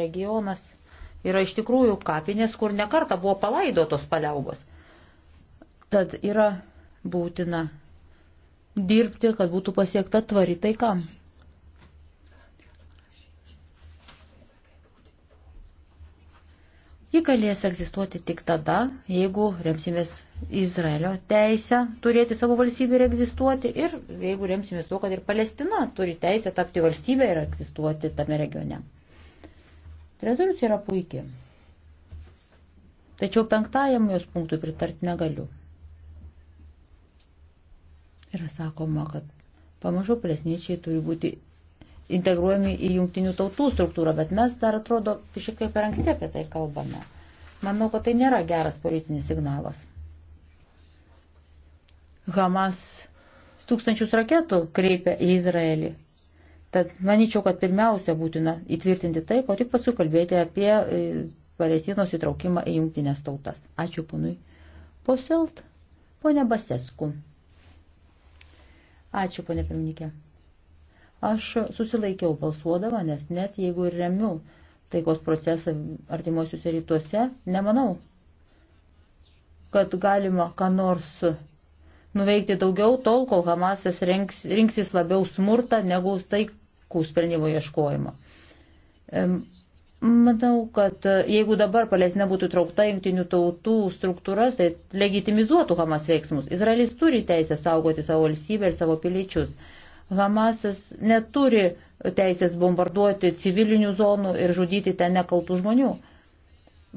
regionas yra iš tikrųjų kapinės, kur nekarta buvo palaidotos paliaubos. Tad yra būtina dirbti, kad būtų pasiekta tvari taikam. Ji galės egzistuoti tik tada, jeigu remsimės Izraelio teisę turėti savo valstybę ir egzistuoti ir jeigu remsimės tuo, kad ir Palestina turi teisę tapti valstybę ir egzistuoti tame regione. Rezoliucija yra puikia. Tačiau penktajam jos punktui pritarti negaliu. Yra sakoma, kad pamažu palestiniečiai turi būti integruojami į jungtinių tautų struktūrą, bet mes dar atrodo šiek tiek per anksti apie tai kalbame. Manau, kad tai nėra geras politinis signalas. Hamas tūkstančius raketų kreipia į Izraelį. Tad manyčiau, kad pirmiausia būtina įtvirtinti tai, o tik paskui kalbėti apie e, Palestinos įtraukimą į jungtinės tautas. Ačiū ponui Poselt, ponė Basesku. Ačiū ponė pirmininkė. Aš susilaikiau balsuodama, nes net jeigu ir remiu taikos procesą artimuosiuose rytuose, nemanau, kad galima ką nors nuveikti daugiau tol, kol Hamasas rinks, rinksis labiau smurtą negu taikų sprendimo ieškojimą. Manau, kad e, jeigu dabar Palestina būtų traukta jungtinių tautų struktūras, tai legitimizuotų Hamas veiksmus. Izraelis turi teisę saugoti savo valstybę ir savo piliečius. Hamasas neturi teisės bombarduoti civilinių zonų ir žudyti ten nekaltų žmonių.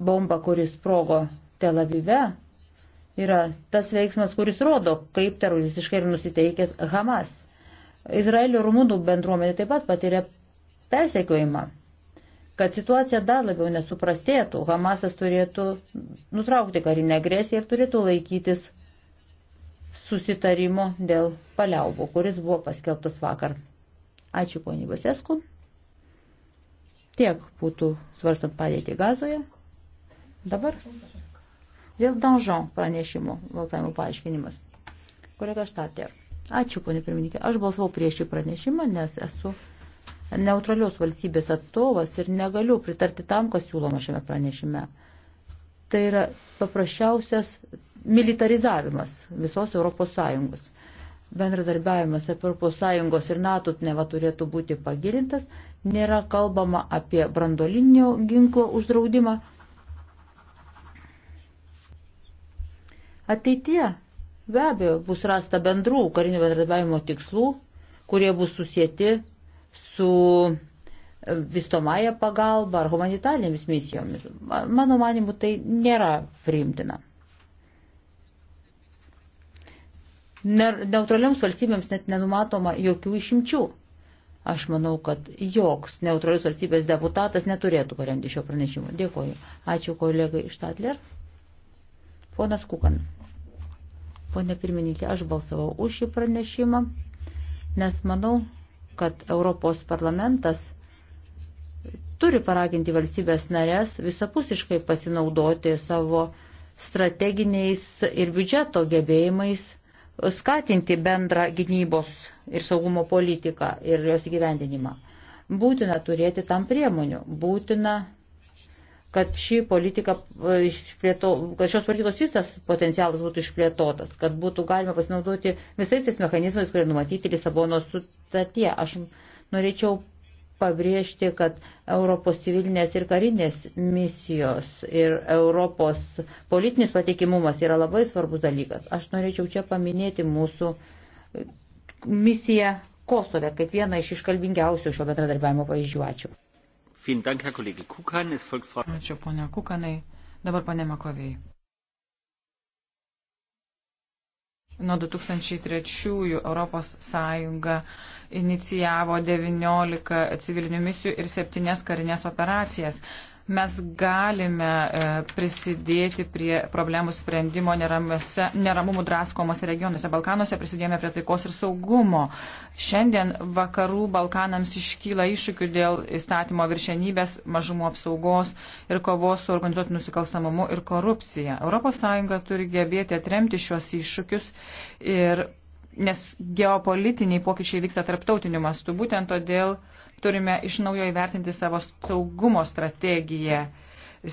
Bomba, kuris sprogo Tel Avive, yra tas veiksmas, kuris rodo, kaip teroristiškai ir nusiteikęs Hamas. Izraelio rumūnų bendruomenė taip pat patiria persekiojimą. Kad situacija dar labiau nesuprastėtų, Hamasas turėtų nutraukti karinę agresiją ir turėtų laikytis susitarimo dėl paliaubų, kuris buvo paskelbtas vakar. Ačiū poniai Basesku. Tiek būtų svarstant padėti gazoje. Dabar dėl Danžon pranešimo balsavimo paaiškinimas. Kolega Štatė. Ačiū, ponė pirmininkė. Aš balsavau prieš šį pranešimą, nes esu neutralios valstybės atstovas ir negaliu pritarti tam, kas siūloma šiame pranešime. Tai yra paprasčiausias militarizavimas visos ES. Bendradarbiavimas tarp ES ir NATO neva turėtų būti pagirintas, nėra kalbama apie brandolinio ginklo uždraudimą. Ateitie be abejo bus rasta bendrų karinio bendradarbiavimo tikslų, kurie bus susijęti su e, vystomąją pagalbą ar humanitarinėmis misijomis. Mano manimu, tai nėra priimtina. neutralioms valstybėms net nenumatoma jokių išimčių. Aš manau, kad joks neutralius valstybės deputatas neturėtų paremti šio pranešimo. Dėkoju. Ačiū kolegai Štatler. Ponas Kukan. Pone pirmininkė, aš balsavau už šį pranešimą, nes manau, kad Europos parlamentas turi paraginti valstybės narės visapusiškai pasinaudoti savo strateginiais ir biudžeto gebėjimais skatinti bendrą gynybos ir saugumo politiką ir jos gyvendinimą. Būtina turėti tam priemonių, būtina, kad, ši politika, e, kad šios politikos visas potencialas būtų išplėtotas, kad būtų galima pasinaudoti visais tais mechanizmais, kurie numatyti Lisabono sutartie. Aš norėčiau pabrėžti, kad Europos civilinės ir karinės misijos ir Europos politinis patikimumas yra labai svarbus dalykas. Aš norėčiau čia paminėti mūsų misiją Kosove kaip vieną iš iškalbingiausių šio bendradarbiavimo pavyzdžių. Ačiū. Ačiū, ponia Kukanai. Dabar ponia Makovėjai. Nuo 2003 Europos Sąjunga inicijavo 19 civilinių misijų ir 7 karinės operacijas mes galime e, prisidėti prie problemų sprendimo neramumų draskomose regionuose. Balkanuose prisidėjome prie taikos ir saugumo. Šiandien vakarų Balkanams iškyla iššūkių dėl įstatymo viršenybės, mažumų apsaugos ir kovos su organizuotų nusikalstamumu ir korupcija. ES turi gebėti atremti šios iššūkius ir nes geopolitiniai pokyčiai vyksta tarptautiniu mastu. Būtent todėl Turime iš naujo įvertinti savo saugumo strategiją,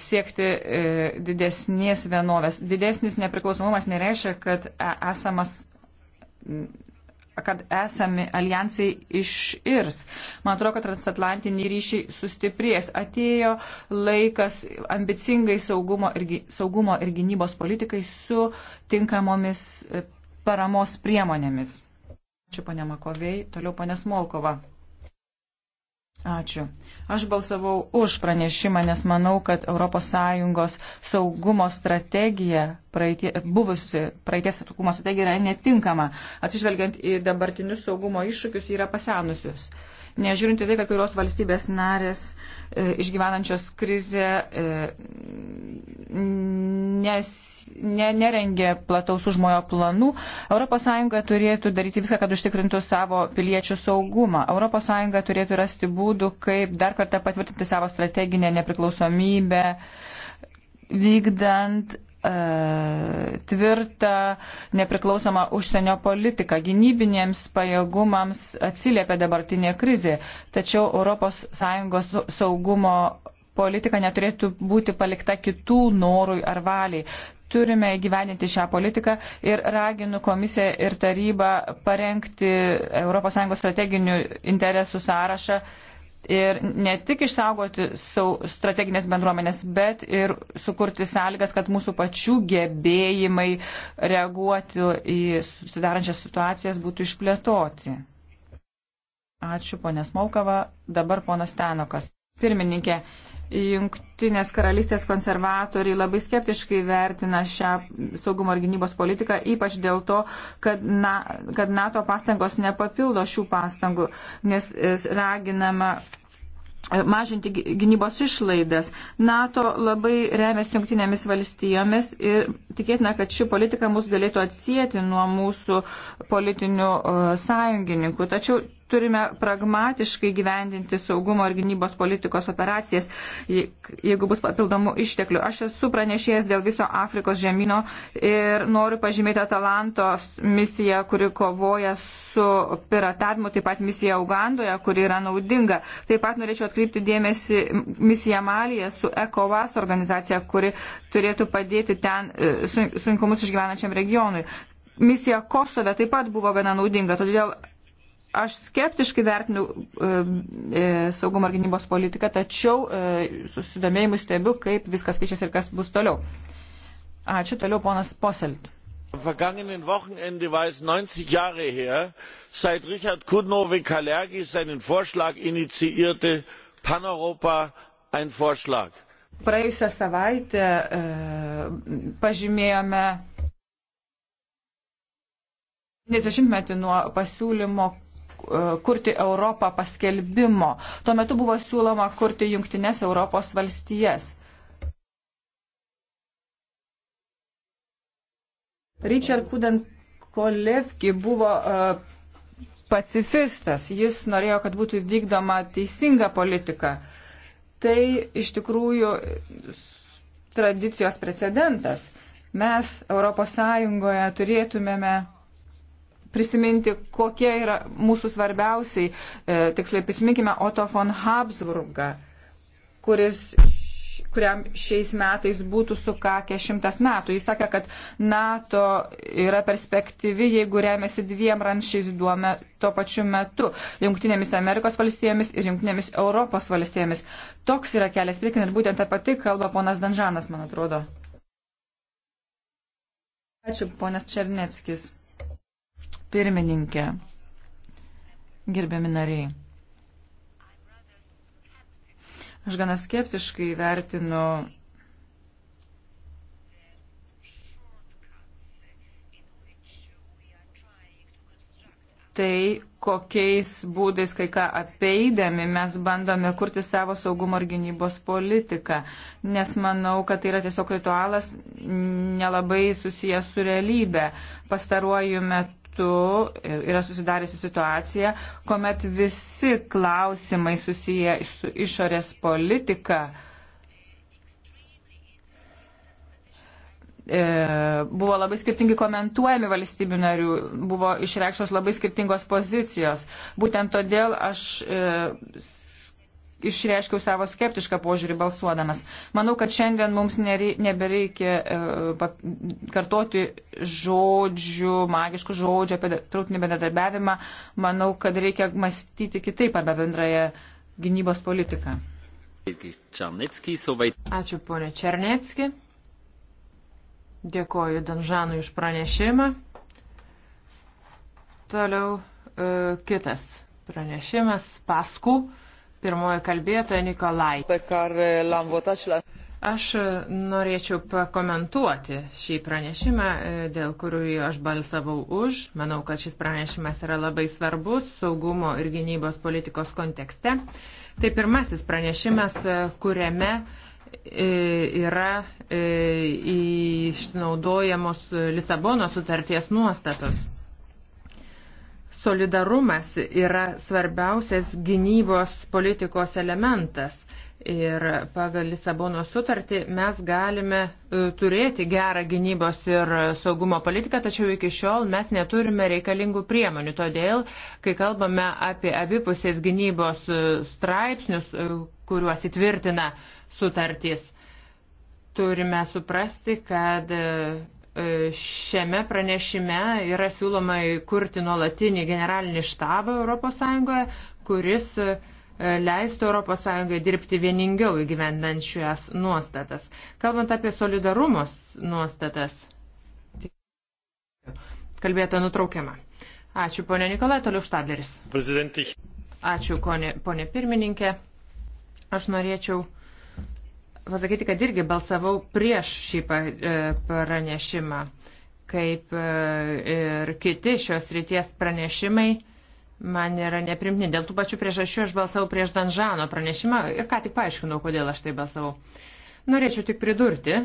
siekti e, didesnės vienovės. Didesnis nepriklausomumas nereiškia, kad e, esamas kad esami alijansai iširs. Man atrodo, kad transatlantiniai ryšiai sustiprės. Atėjo laikas ambicingai saugumo ir, saugumo ir gynybos politikai su tinkamomis e, paramos priemonėmis. Ačiū, ponė Makovėjai. Toliau, ponė Smolkova. Ačiū. Aš balsavau už pranešimą, nes manau, kad ES saugumo strategija, praeitie, buvusi praeities saugumo strategija yra netinkama. Atsižvelgiant į dabartinius saugumo iššūkius, yra pasenusius. Nežiūrint į tai, kad kurios valstybės narės uh, E, išgyvenančios krizę e, nes, ne, nerengė plataus užmojo planų. ES turėtų daryti viską, kad užtikrintų savo piliečių saugumą. ES turėtų rasti būdų, kaip dar kartą patvirtinti savo strateginę nepriklausomybę, vykdant E, tvirtą nepriklausomą užsienio politiką. Gynybinėms pajėgumams atsiliepia dabartinė krizė, tačiau ES saugumo politika neturėtų būti palikta kitų norui ar valiai. Turime įgyveninti šią politiką ir raginu komisiją ir tarybą parengti ES strateginių interesų sąrašą ir ne tik išsaugoti strateginės bendruomenės, bet ir sukurti sąlygas, kad mūsų pačių gebėjimai reaguoti į susidarančias situacijas būtų išplėtoti. Ačiū, ponė Smolkova. Dabar ponas Tenokas. Pirmininkė, Junktinės karalystės konservatoriai labai skeptiškai vertina šią saugumo ir gynybos politiką, ypač dėl to, kad, na, kad NATO pastangos nepapildo šių pastangų, nes e, raginama e, mažinti gynybos išlaidas. NATO labai remiasi jungtinėmis valstijomis ir tikėtina, kad ši politika mus galėtų atsijėti nuo mūsų politinių e, sąjungininkų. Tačiau turime pragmatiškai gyvendinti saugumo ir gynybos politikos operacijas, jeigu bus papildomų išteklių. Aš esu pranešėjęs dėl viso Afrikos žemino ir noriu pažymėti Atalantos misiją, kuri kovoja su piratavimu, taip pat misiją Ugandoje, kuri yra naudinga. Taip pat norėčiau atkreipti dėmesį misiją Malyje su ECOVAS organizacija, kuri turėtų padėti ten e, sunkumus išgyvenančiam regionui. Misija Kosove taip pat buvo gana naudinga, todėl Aš skeptiškai vertinu e, e, saugumo ir gynybos politiką, tačiau e, susidomėjimu stebiu, kaip viskas keičiasi ir kas bus toliau. Ačiū toliau, ponas Poselt. Am vergangenen Wochenende war es 90 Jahre her, seit Richard Kudnove Kalergi seinen Vorschlag initiierte, Paneuropa ein Vorschlag. Praėjusią savaitę e, pažymėjome 90 metį nuo pasiūlymo, E, kurti Europą paskelbimo. Tuo metu buvo siūloma kurti jungtinės Europos valstijas. Richard Kudan Kolevki buvo uh, pacifistas, jis norėjo, kad būtų vykdoma teisinga politika. Tai iš tikrųjų tradicijos precedentas. Mes ES turėtumėme prisiminti, kokie yra mūsų svarbiausiai, e, tiksliai prisiminkime Otto von Habsburgą, kuris kuriam šiais metais būtų sukakę šimtas metų. Jis sakė, kad NATO yra perspektyvi, jeigu remiasi dviem ranšiais duome tuo pačiu metu - Junktinėmis Amerikos valstijomis ir Junktinėmis Europos valstijomis. Toks yra kelias priekin ir būtent apie tai kalba ponas Danžanas, man atrodo. Ačiū, ponas Černeckis pirmininkė, gerbiami nariai. Aš gana skeptiškai vertinu tai, kokiais būdais, kai ką apeidami, mes bandome kurti savo saugumo ir gynybos politiką, nes manau, kad tai yra tiesiog ritualas nelabai susijęs su realybė. Pastaruoju metu metu yra susidariusi situacija, kuomet visi klausimai susiję su išorės politika e, buvo labai skirtingai komentuojami valstybių narių, buvo išreikštos labai skirtingos pozicijos. Būtent todėl aš e, išreiškiau savo skeptišką požiūrį balsuodamas. Manau, kad šiandien mums nebereikia e, kartoti žodžių, magiškų žodžių apie trautinį bendradarbiavimą. Manau, kad reikia mąstyti kitaip apie bendrąją gynybos politiką. Ačiū, ponė Černecki. Dėkoju Danžanui už pranešimą. Toliau e, kitas pranešimas paskui. Pirmoji kalbėtoja Nikolai. Aš norėčiau pakomentuoti šį pranešimą, e, dėl kurių aš balsavau už. Manau, kad šis pranešimas yra labai svarbus saugumo ir gynybos politikos kontekste. Tai pirmasis pranešimas, e, kuriame e, yra išnaudojamos Lisabono sutarties nuostatos. Solidarumas yra svarbiausias gynybos politikos elementas. Ir pagal Lisabono sutartį mes galime e, turėti gerą gynybos ir saugumo politiką, tačiau iki šiol mes neturime reikalingų priemonių. Todėl, kai kalbame apie abipusės gynybos e, straipsnius, e, kuriuos įtvirtina sutartys, turime suprasti, kad E, šiame pranešime yra siūloma įkurti nuolatinį generalinį štabą ES, kuris e, leistų ES dirbti vieningiau įgyvendant šias nuostatas. Kalbant apie solidarumos nuostatas, tai kalbėta nutraukiama. Ačiū, ponė Nikolai, toliau Štadleris. Ačiū, ponė, ponė pirmininkė. Aš norėčiau pasakyti, kad irgi balsavau prieš šį e, pranešimą, kaip e, ir kiti šios ryties pranešimai. Man yra neprimtini. Dėl tų pačių priežasčių aš balsavau prieš Danžano pranešimą ir ką tik paaiškinau, kodėl aš tai balsavau. Norėčiau tik pridurti,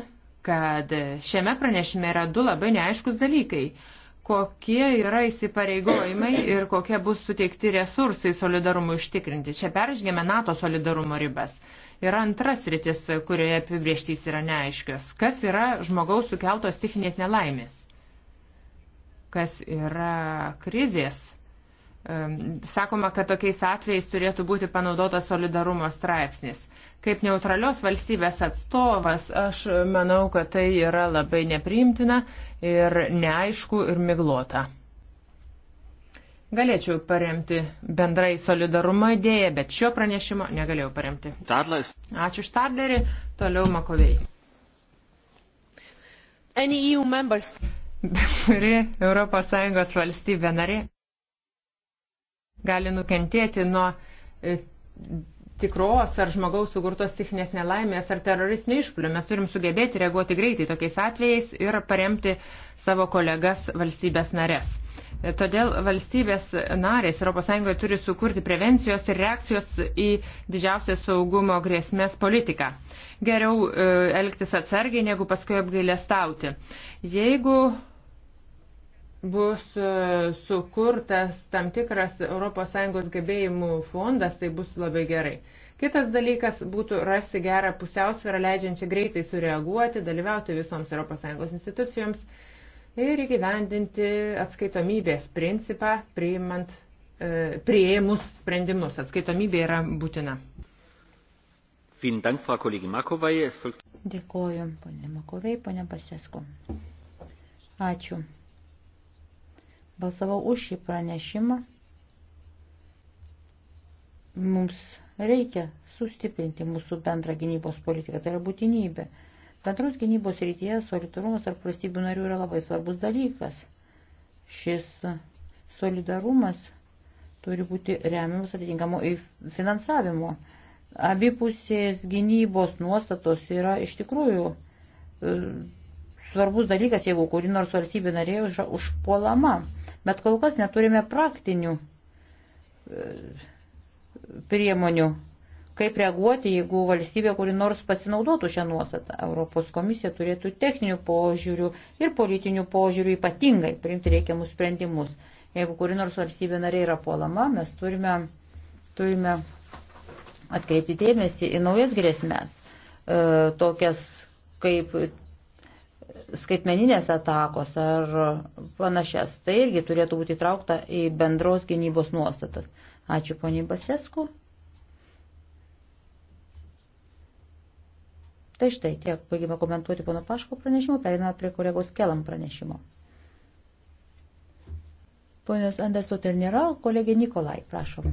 kad šiame pranešime yra du labai neaiškus dalykai kokie yra įsipareigojimai ir kokie bus suteikti resursai solidarumui užtikrinti. Čia peržgėme NATO solidarumo ribas. Yra antras rytis, kurioje apibrieštys yra neaiškios. Kas yra žmogaus sukeltos stichinės nelaimės? Kas yra krizės? Sakoma, kad tokiais atvejais turėtų būti panaudotas solidarumo straipsnis. Kaip neutralios valstybės atstovas, aš manau, kad tai yra labai nepriimtina ir neaišku ir miglota. Galėčiau paremti bendrai solidarumo idėją, bet šio pranešimo negalėjau paremti. Tadlas. Ačiū Štadlerį, toliau Makovei. E Kuri ES valstybė narė gali nukentėti nuo e, tikros ar žmogaus sukurtos stichinės nelaimės ar teroristinių išpolių. Mes turim sugebėti reaguoti greitai tokiais atvejais ir paremti savo kolegas valstybės narės. Todėl valstybės narės ES turi sukurti prevencijos ir reakcijos į didžiausią saugumo grėsmės politiką. Geriau e, elgtis atsargiai, negu paskui apgailestauti. Jeigu bus e, sukurtas tam tikras ES gebėjimų fondas, tai bus labai gerai. Kitas dalykas būtų rasti gerą pusiausvyrą, leidžiančią greitai sureaguoti, dalyvauti visoms ES institucijoms ir įgyvendinti atskaitomybės principą, priimant, e, prieimus sprendimus. Atskaitomybė yra būtina. Dėkoju, ponė Makovai, ponė Pasesku. Ačiū. Balsavau už šį pranešimą. Mums reikia sustiprinti mūsų bendrą gynybos politiką, tai yra būtinybė. Bendros gynybos rytyje solidarumas tarp valstybių narių yra labai svarbus dalykas. Šis solidarumas turi būti remiamas atitinkamo finansavimo. Abipusės gynybos nuostatos yra iš tikrųjų e, svarbus dalykas, jeigu kuri nors valstybė narė yra užpuolama. Bet kol kas neturime praktinių e, priemonių kaip reaguoti, jeigu valstybė kuri nors pasinaudotų šią nuostatą. Europos komisija turėtų techninių požiūrių ir politinių požiūrių ypatingai priimti reikiamus sprendimus. Jeigu kuri nors valstybė nariai yra puolama, mes turime, turime atkreipti dėmesį į naujas grėsmės, e, tokias kaip skaitmeninės atakos ar panašias. Tai irgi turėtų būti įtraukta į bendros gynybos nuostatas. Ačiū poniai Basesku. Tai štai tiek baigime komentuoti pono Paško pranešimo, pereiname prie kolegos Kelam pranešimo. Ponios Andesotel nėra, kolegė Nikolai, prašom.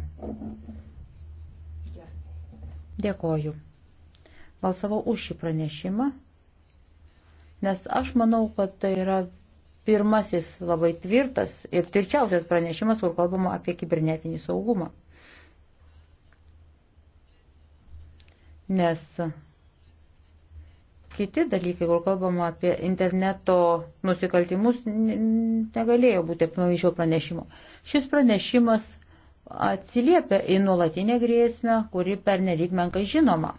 Dėkoju. Balsavau už šį pranešimą, nes aš manau, kad tai yra pirmasis labai tvirtas ir tvirčiausias pranešimas, kur kalbama apie kibernetinį saugumą. Nes Kiti dalykai, kur kalbama apie interneto nusikaltimus, negalėjo būti apimami šio pranešimo. Šis pranešimas atsiliepia į nuolatinę grėsmę, kuri pernelyg menkai žinoma.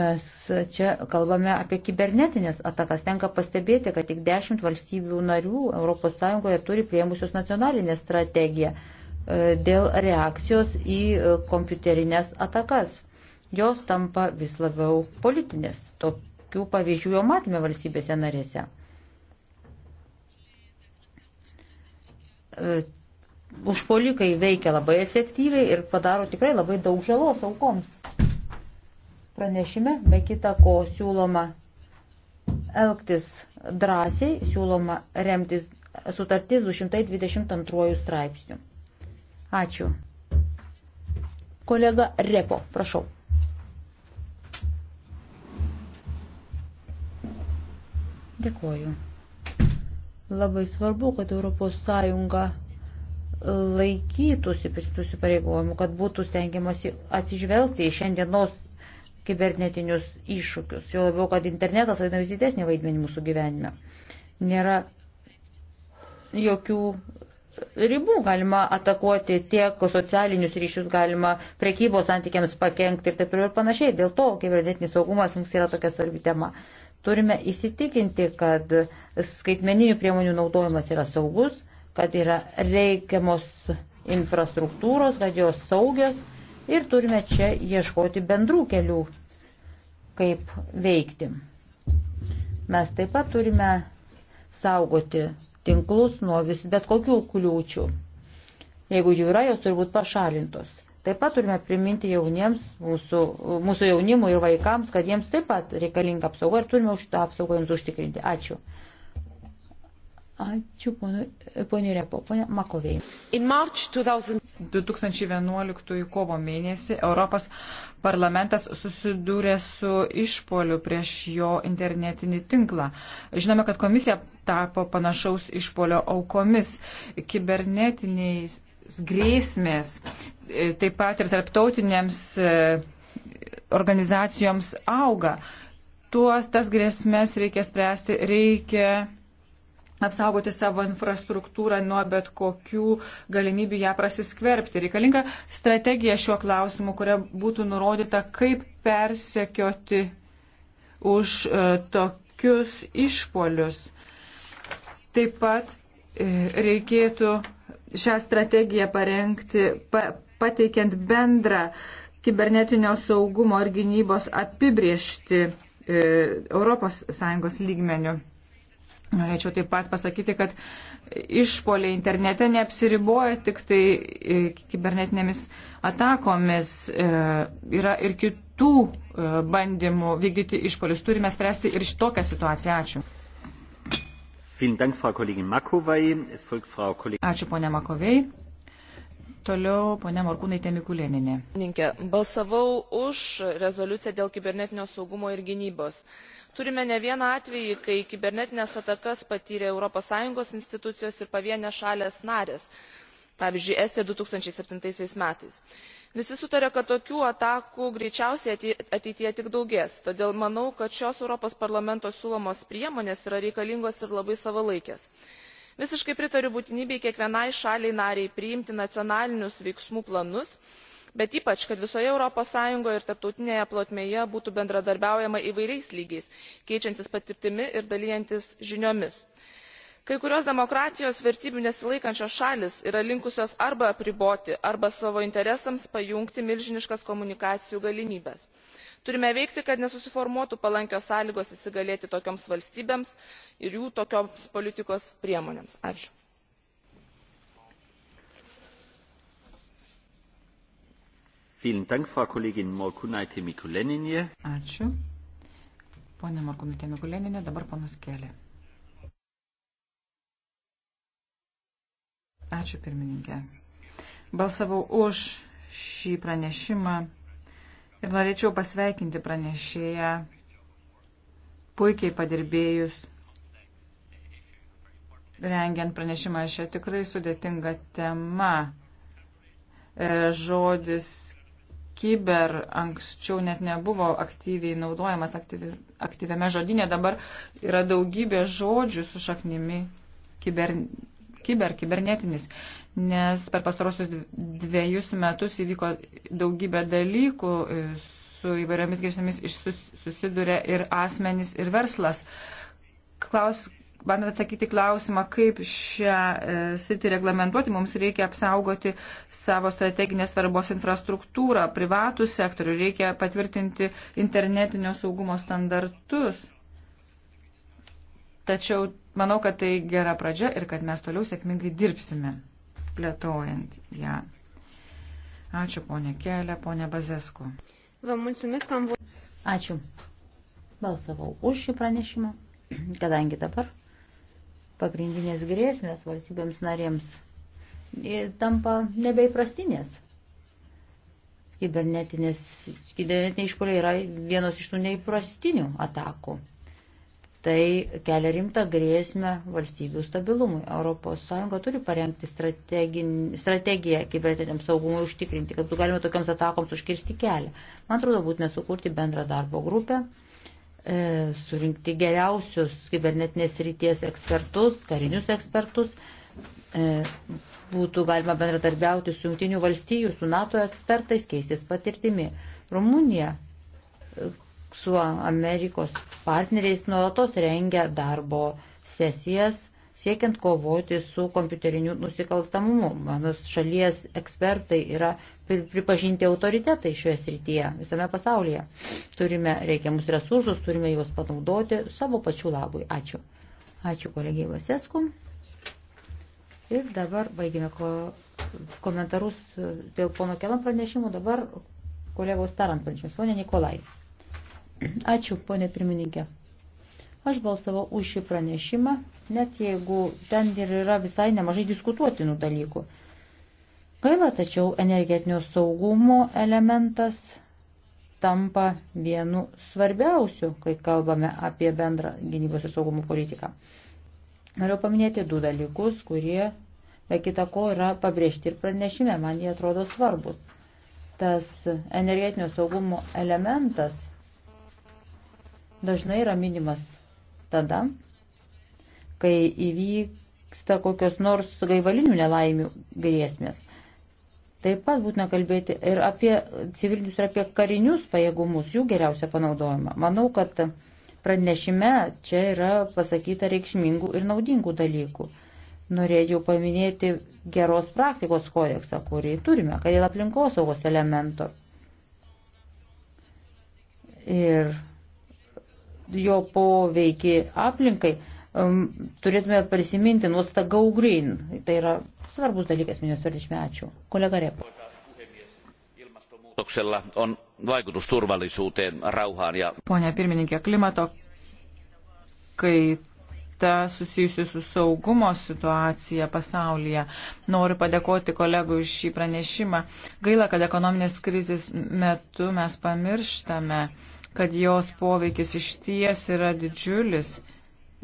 Mes čia kalbame apie kibernetinės atakas. Tenka pastebėti, kad tik 10 valstybių narių ES turi prieimusios nacionalinę strategiją e, dėl reakcijos į e, kompiuterinės atakas jos tampa vis labiau politinės. Tokių pavyzdžių jau matėme valstybėse narėse. E, Užpolikai veikia labai efektyviai ir padaro tikrai labai daug žalos aukoms. Pranešime be kita ko siūloma elgtis drąsiai, siūloma remtis sutartis 222 straipsnių. Ačiū. Kolega Repo, prašau. Dėkoju. Labai svarbu, kad ES e, laikytųsi pristusių pareigojimų, kad būtų stengiamasi atsižvelgti į šiandienos kibernetinius iššūkius. Jo labiau, kad internetas vaidina vis didesnį vaidmenį mūsų gyvenime. Nėra jokių ribų galima atakuoti tiek socialinius ryšius, galima prekybos santykiams pakengti ir taip ir panašiai. Dėl to kibernetinis saugumas mums yra tokia svarbi tema. Turime įsitikinti, kad skaitmeninių priemonių naudojimas yra saugus, kad yra reikiamos infrastruktūros, kad jos saugios ir turime čia ieškoti bendrų kelių, kaip veikti. Mes taip pat turime saugoti tinklus nuo vis bet kokių kliūčių. Jeigu jų yra, jos turi būti pašalintos. Taip pat turime priminti jauniems, mūsų, mūsų jaunimui ir vaikams, kad jiems taip pat reikalinga apsauga ir turime už tą apsaugą jums užtikrinti. Ačiū. Ačiū, ponė Repo, ponė Makovėjai. 2011 kovo mėnesį Europos parlamentas susidūrė su išpoliu prieš jo internetinį tinklą. Žinome, kad komisija tapo panašaus išpolio aukomis. Kibernetiniais grėsmės, e, taip pat ir tarptautinėms e, organizacijoms auga. Tuos tas grėsmės reikia spręsti, reikia apsaugoti savo infrastruktūrą nuo bet kokių galimybių ją prasiskverbti. Reikalinga strategija šiuo klausimu, kuria būtų nurodyta, kaip persekioti už e, tokius išpolius. Taip pat reikėtų šią strategiją parengti, pa, pateikiant bendrą kibernetinio saugumo ir gynybos apibriešti e, ES lygmenių. Norėčiau taip pat pasakyti, kad išpoliai internete neapsiriboja tik tai e, kibernetinėmis atakomis. E, yra ir kitų e, bandymų vykdyti išpolius. Turime spręsti ir šitokią situaciją. Ačiū. Ačiū ponia Makovei. Toliau ponia Morkūnai Temikulėninė. Balsavau už rezoliuciją dėl kibernetinio saugumo ir gynybos. Turime ne vieną atvejį, kai kibernetinės atakas patyrė ES institucijos ir pavienės šalės narės, pavyzdžiui, Estija 2007 metais visi sutaria kad tokių atakų greičiausiai ateityje tik daugės todėl manau kad šios europos parlamento siūlomos priemonės yra reikalingos ir labai savalaikės. visiškai pritariu būtinybei kiekvienai šaliai narei priimti nacionalinius veiksmų planus bet ypač kad visoje europos sąjungoje ir tarptautinėje plotmėje būtų bendradarbiaujama įvairiais lygiais keičiantis patirtimi ir dalijantis žiniomis kai kurios demokratijos vertybių nesilaikančios šalys yra linkusios arba apriboti arba savo interesams pajungti milžiniškas komunikacijų galimybes. turime veikti kad nesusiformuotų palankios sąlygos įsigalėti tokioms valstybėms ir jų tokioms politikos priemonėms. ačiū. Ačiū. Pone Morkunaitė Mikulėninė, dabar ponas Kėlė. Ačiū pirmininkė. Balsavau už šį pranešimą ir norėčiau pasveikinti pranešėją puikiai padirbėjus, rengiant pranešimą šią tikrai sudėtingą temą. E, žodis kiber anksčiau net nebuvo aktyviai naudojamas aktyvi, aktyviame žodinė, dabar yra daugybė žodžių su šaknimi kiber kiber, kibernetinis, nes per pastarosius dviejus metus įvyko daugybė dalykų, e, su įvairiomis grėsmėmis susiduria ir asmenys, ir verslas. Klaus, bandant atsakyti klausimą, kaip šią e, sritį reglamentuoti, mums reikia apsaugoti savo strateginės svarbos infrastruktūrą, privatų sektorių, reikia patvirtinti internetinio saugumo standartus. Tačiau manau, kad tai gera pradžia ir kad mes toliau sėkmingai dirbsime, plėtojant ją. Ačiū ponė Kelė, ponė Bazesku. Ačiū. Balsavau už šį pranešimą, kadangi dabar pagrindinės grėsmės valstybėms narėms e, tampa nebeįprastinės. Kibernetinės, kibernetiniai išpoliai yra vienos iš tų neįprastinių atakų. Tai kelia rimtą grėsmę valstybių stabilumui. ES turi parengti strategiją kibernetiniam saugumui užtikrinti, kad būtų galima tokiams atakoms užkirsti kelią. Man atrodo, būtina sukurti bendrą darbo grupę, e, surinkti geriausius kibernetinės ryties ekspertus, karinius ekspertus, e, būtų galima bendradarbiauti su jungtinių valstybių, su NATO ekspertais, keistis patirtimi. Rumunija su Amerikos partneriais nuolatos rengia darbo sesijas siekiant kovoti su kompiuteriniu nusikalstamumu. Mano šalies ekspertai yra pripažinti autoritetai šioje srityje visame pasaulyje. Turime reikiamus resursus, turime juos panaudoti savo pačių labui. Ačiū. Ačiū kolegijai Vasesku. Ir dabar baigime ko, komentarus dėl pono Kelam pranešimų. Dabar kolegos Tarant pranešimas. Pone Nikolai. Ačiū, ponė pirmininkė. Aš balsavau už šį pranešimą, net jeigu ten ir yra visai nemažai diskutuotinų dalykų. Gaila, tačiau energetinio saugumo elementas tampa vienu svarbiausiu, kai kalbame apie bendrą gynybos ir saugumo politiką. Noriu paminėti du dalykus, kurie, be kita ko, yra pabrėžti ir pranešime, man jie atrodo svarbus. Tas energetinio saugumo elementas dažnai yra minimas tada, kai įvyksta kokios nors gaivalinių nelaimių grėsmės. Taip pat būtina kalbėti ir apie civilinius, ir apie karinius pajėgumus, jų geriausią panaudojimą. Manau, kad pranešime čia yra pasakyta reikšmingų ir naudingų dalykų. Norėjau paminėti geros praktikos kodeksą, kurį turime, kad dėl aplinkosaugos elemento. Ir jo poveikį aplinkai, um, turėtume prisiminti nuostatą Go Green. Tai yra svarbus dalykas, minės vertišme, ačiū. Kolega Repo. Ilmastonmuutoksella on vaikutus turvallisuuteen, rauhaan ja... Pone pirmininkė, klimato kaita susijusi su saugumo situacija pasaulyje. Noriu padėkoti kolegų iš šį pranešimą. Gaila, kad ekonominės krizės metu mes pamirštame uh, kad jos poveikis iš ties yra didžiulis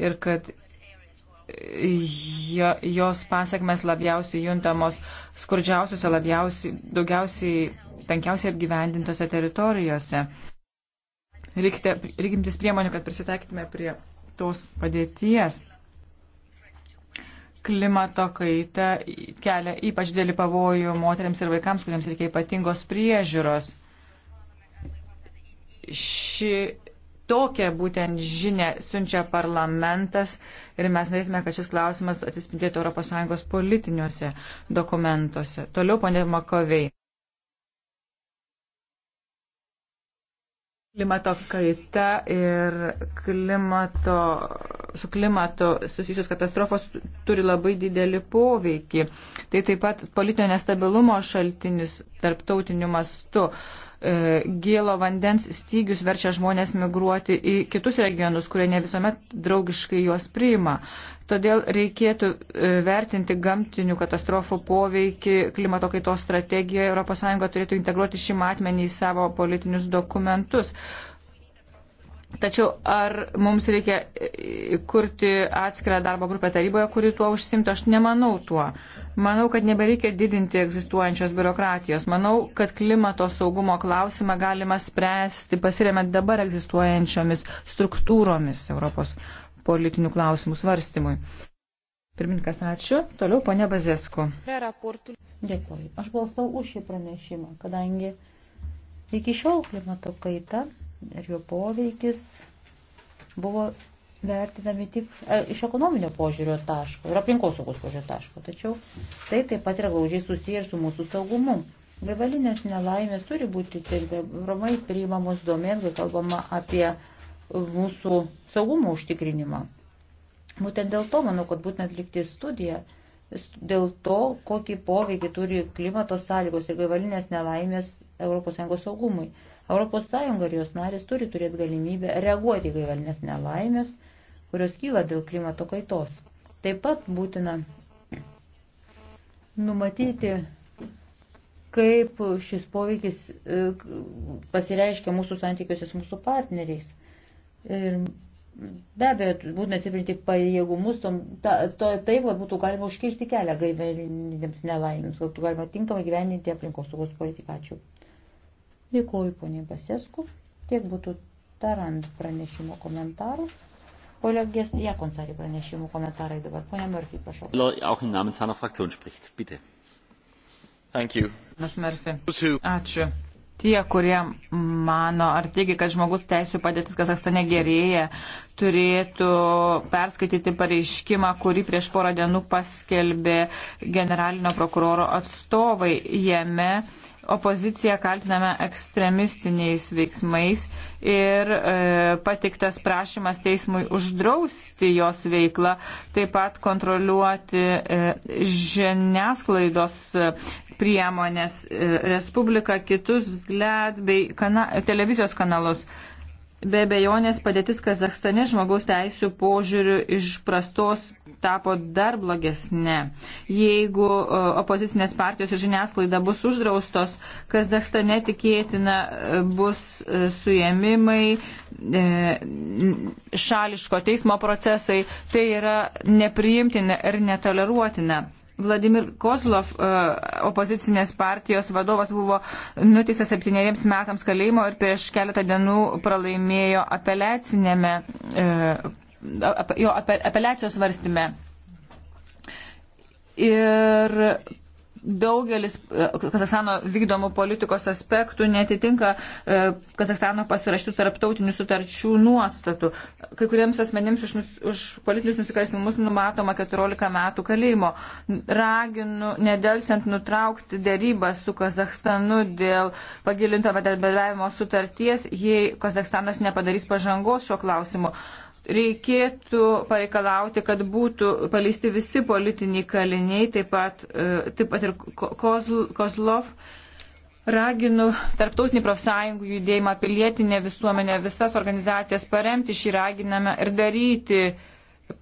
ir kad jo, jos pasiekmes labiausiai juntamos skurdžiausiose, labiausiai, daugiausiai, tankiausiai apgyvendintose teritorijose. Reikite, reikimtis priemonių, kad prisitaikytume prie tos padėties. Klimato kaita kelia ypač dėlį pavojų moteriams ir vaikams, kuriems reikia ypatingos priežiūros ši tokią būtent žinę siunčia parlamentas ir mes norėtume, kad šis klausimas atsispindėtų ES politiniuose dokumentuose. Toliau, ponė Makovei. Klimato kaita ir klimato, su klimato susijusios katastrofos turi labai didelį poveikį. Tai taip pat politinio nestabilumo šaltinis tarptautiniu mastu. Uh, E, gėlo vandens stygius verčia žmonės migruoti į kitus regionus, kurie ne visuomet draugiškai juos priima. Todėl reikėtų e, vertinti gamtinių katastrofų poveikį klimato kaitos strategijoje. ES turėtų integruoti šį matmenį į savo politinius dokumentus. Tačiau ar mums reikia e, e, kurti atskirą darbo grupę taryboje, kuri tuo užsimtų, aš nemanau tuo. Manau, kad nebereikia didinti egzistuojančios biurokratijos. Manau, kad klimato saugumo klausimą galima spręsti pasiremiant dabar egzistuojančiomis struktūromis Europos politinių klausimų svarstymui. Pirmininkas, ačiū. Toliau ponia Bazesku. Dėkuoju. Aš balsau už šį pranešimą, kadangi iki šiol klimato kaita ir jo poveikis buvo vertinami tik e, iš ekonominio požiūrio taško ir aplinkosaugos požiūrio taško. Tačiau tai taip pat yra glaužiai susiję ir su mūsų saugumu. Gaivalinės nelaimės turi būti tinkamai e, priimamos domėn, kai kalbama apie mūsų saugumo užtikrinimą. Būtent dėl to, manau, kad būtent atlikti studiją, dėl to, kokį poveikį turi klimato sąlygos ir gaivalinės nelaimės ES saugumui. ES ir jos narės turi turėti galimybę reaguoti į gaivalinės nelaimės, kurios kyla dėl klimato kaitos. Taip pat būtina numatyti, kaip šis poveikis e, pasireiškia mūsų santykiuose su mūsų partneriais. Ir be abejo, būtina stiprinti pajėgumus, tom, ta, to, taip pat būtų galima užkirsti kelią gaivalinėms nelaimėms, kad būtų galima tinkamai gyveninti aplinkos saugos politiką. Ačiū. Dėkuoju poniai Basesku. Tiek būtų tarant pranešimo komentarų. Kolegės Jakonsari pranešimų komentarai dabar. Pone Murphy, prašau. Auch im Namen seiner Fraktion spricht. Bitte. Thank you. Mas Murphy. Ačiū. Tie, kurie mano ar teigia, kad žmogus teisų padėtis Kazakstane gerėja, turėtų perskaityti pareiškimą, kurį prieš porą dienų paskelbė generalinio prokuroro atstovai. Jame opoziciją kaltiname ekstremistiniais veiksmais ir e, patiktas prašymas teismui uždrausti jos veiklą, taip pat kontroliuoti e, žiniasklaidos e, priemonės e, Respubliką, kitus vzgled bei kana, televizijos kanalus. E, Be bejonės padėtis Kazakstane žmogaus teisų požiūrių iš prastos tapo dar blogesnė. Jeigu e, opozicinės partijos ir žiniasklaida bus uždraustos, Kazakstane tikėtina e, bus e, suėmimai, šališko teismo procesai. Tai yra nepriimtina ir netoleruotina. Vladimir Kozlov, e, opozicinės partijos vadovas, buvo nuteistas septyneriems metams kalėjimo ir prieš keletą dienų pralaimėjo apeliacinėme, e, jo apeliacijos varstime. Ir daugelis e, Kazakstano vykdomų politikos aspektų netitinka e, Kazakstano pasirašytų tarptautinių sutarčių nuostatų. Kai kuriems asmenims už, už politinius nusikalsimus numatoma 14 metų kalėjimo. Raginu nedelsiant nutraukti dėrybą su Kazakstanu dėl pagilinto bendradarbiavimo sutarties, jei Kazakstanas nepadarys pažangos šio klausimu reikėtų pareikalauti, kad būtų paleisti visi politiniai kaliniai, taip pat, e, taip pat ir Kozl, Kozlov. Raginu tarptautinį profsąjungų judėjimą, pilietinę visuomenę, visas organizacijas paremti šį raginamą ir daryti uh,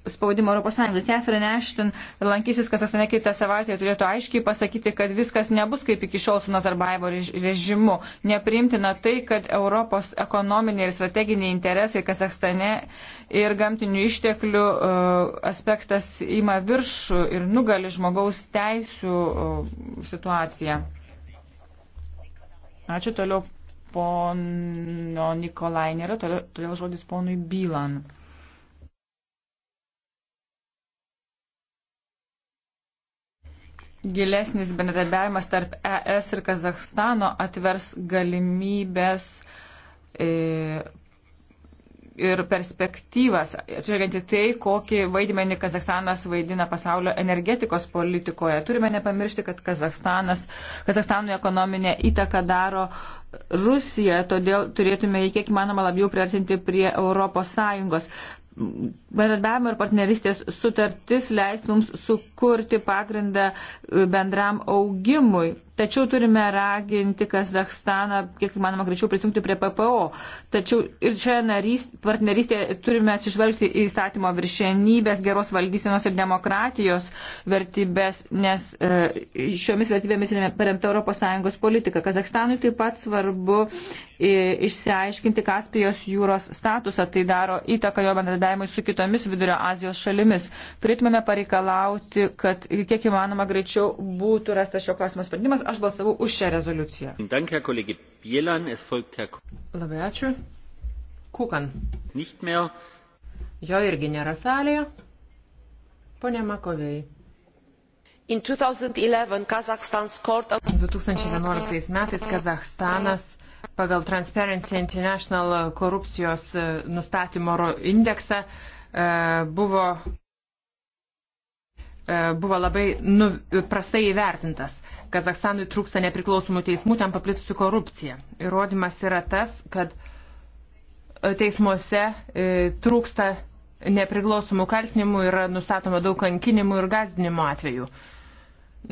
spaudimo Europos Sąjungai. Catherine Ashton lankysis Kasastane kitą savaitę ir turėtų aiškiai pasakyti, kad viskas nebus kaip iki šiol su Nazarbaevo režimu. Nepriimtina tai, kad Europos ekonominiai ir strateginiai interesai Kasastane ir gamtinių išteklių e, aspektas ima viršų ir nugali žmogaus teisų e, situaciją. Ačiū toliau pono Nikolai nėra, todėl žodis ponui Bylan. gilesnis bendradarbiavimas tarp ES ir Kazakstano atvers galimybės e, ir perspektyvas, atsižvelgiant į tai, kokį vaidmenį Kazakstanas vaidina pasaulio energetikos politikoje. Turime nepamiršti, kad Kazakstanas, Kazakstano ekonominė įtaka daro Rusija, todėl turėtume jį kiek įmanoma labiau priartinti prie Europos Sąjungos bendradarbiavimo ir partnerystės sutartis leis mums sukurti pagrindą bendram augimui Tačiau turime raginti Kazahstaną, kiek manoma, greičiau prisijungti prie PPO. Tačiau ir čia narys, partnerystėje turime atsižvelgti į įstatymo viršienybės, geros valdysenos ir demokratijos vertybės, nes e, šiomis vertybėmis paremta ES politika. Kazahstanui taip pat svarbu e, išsiaiškinti Kaspijos jūros statusą. Tai daro įtaką jo bendradarbiavimui su kitomis Vidurio Azijos šalimis. Turėtumėme pareikalauti, kad kiek įmanoma greičiau būtų rastas šio klausimo sprendimas aš balsavau už šią rezoliuciją. Danke, kolegė Bielan, es folgt Herr... Labai ačiū. Kukan. Nicht mehr. Jo irgi nėra salėje. Pone Makovėjai. 2011, court... 2011 metais Kazahstanas pagal Transparency International korupcijos e, nustatymo indeksą e, buvo, e, buvo labai nu, prastai įvertintas. Kazakstanui trūksta nepriklausomų teismų, ten paplitusi korupcija. Įrodymas yra tas, kad e, teismuose e, trūksta nepriklausomų kaltinimų, yra nustatoma daug kankinimų ir gazdinimo atvejų.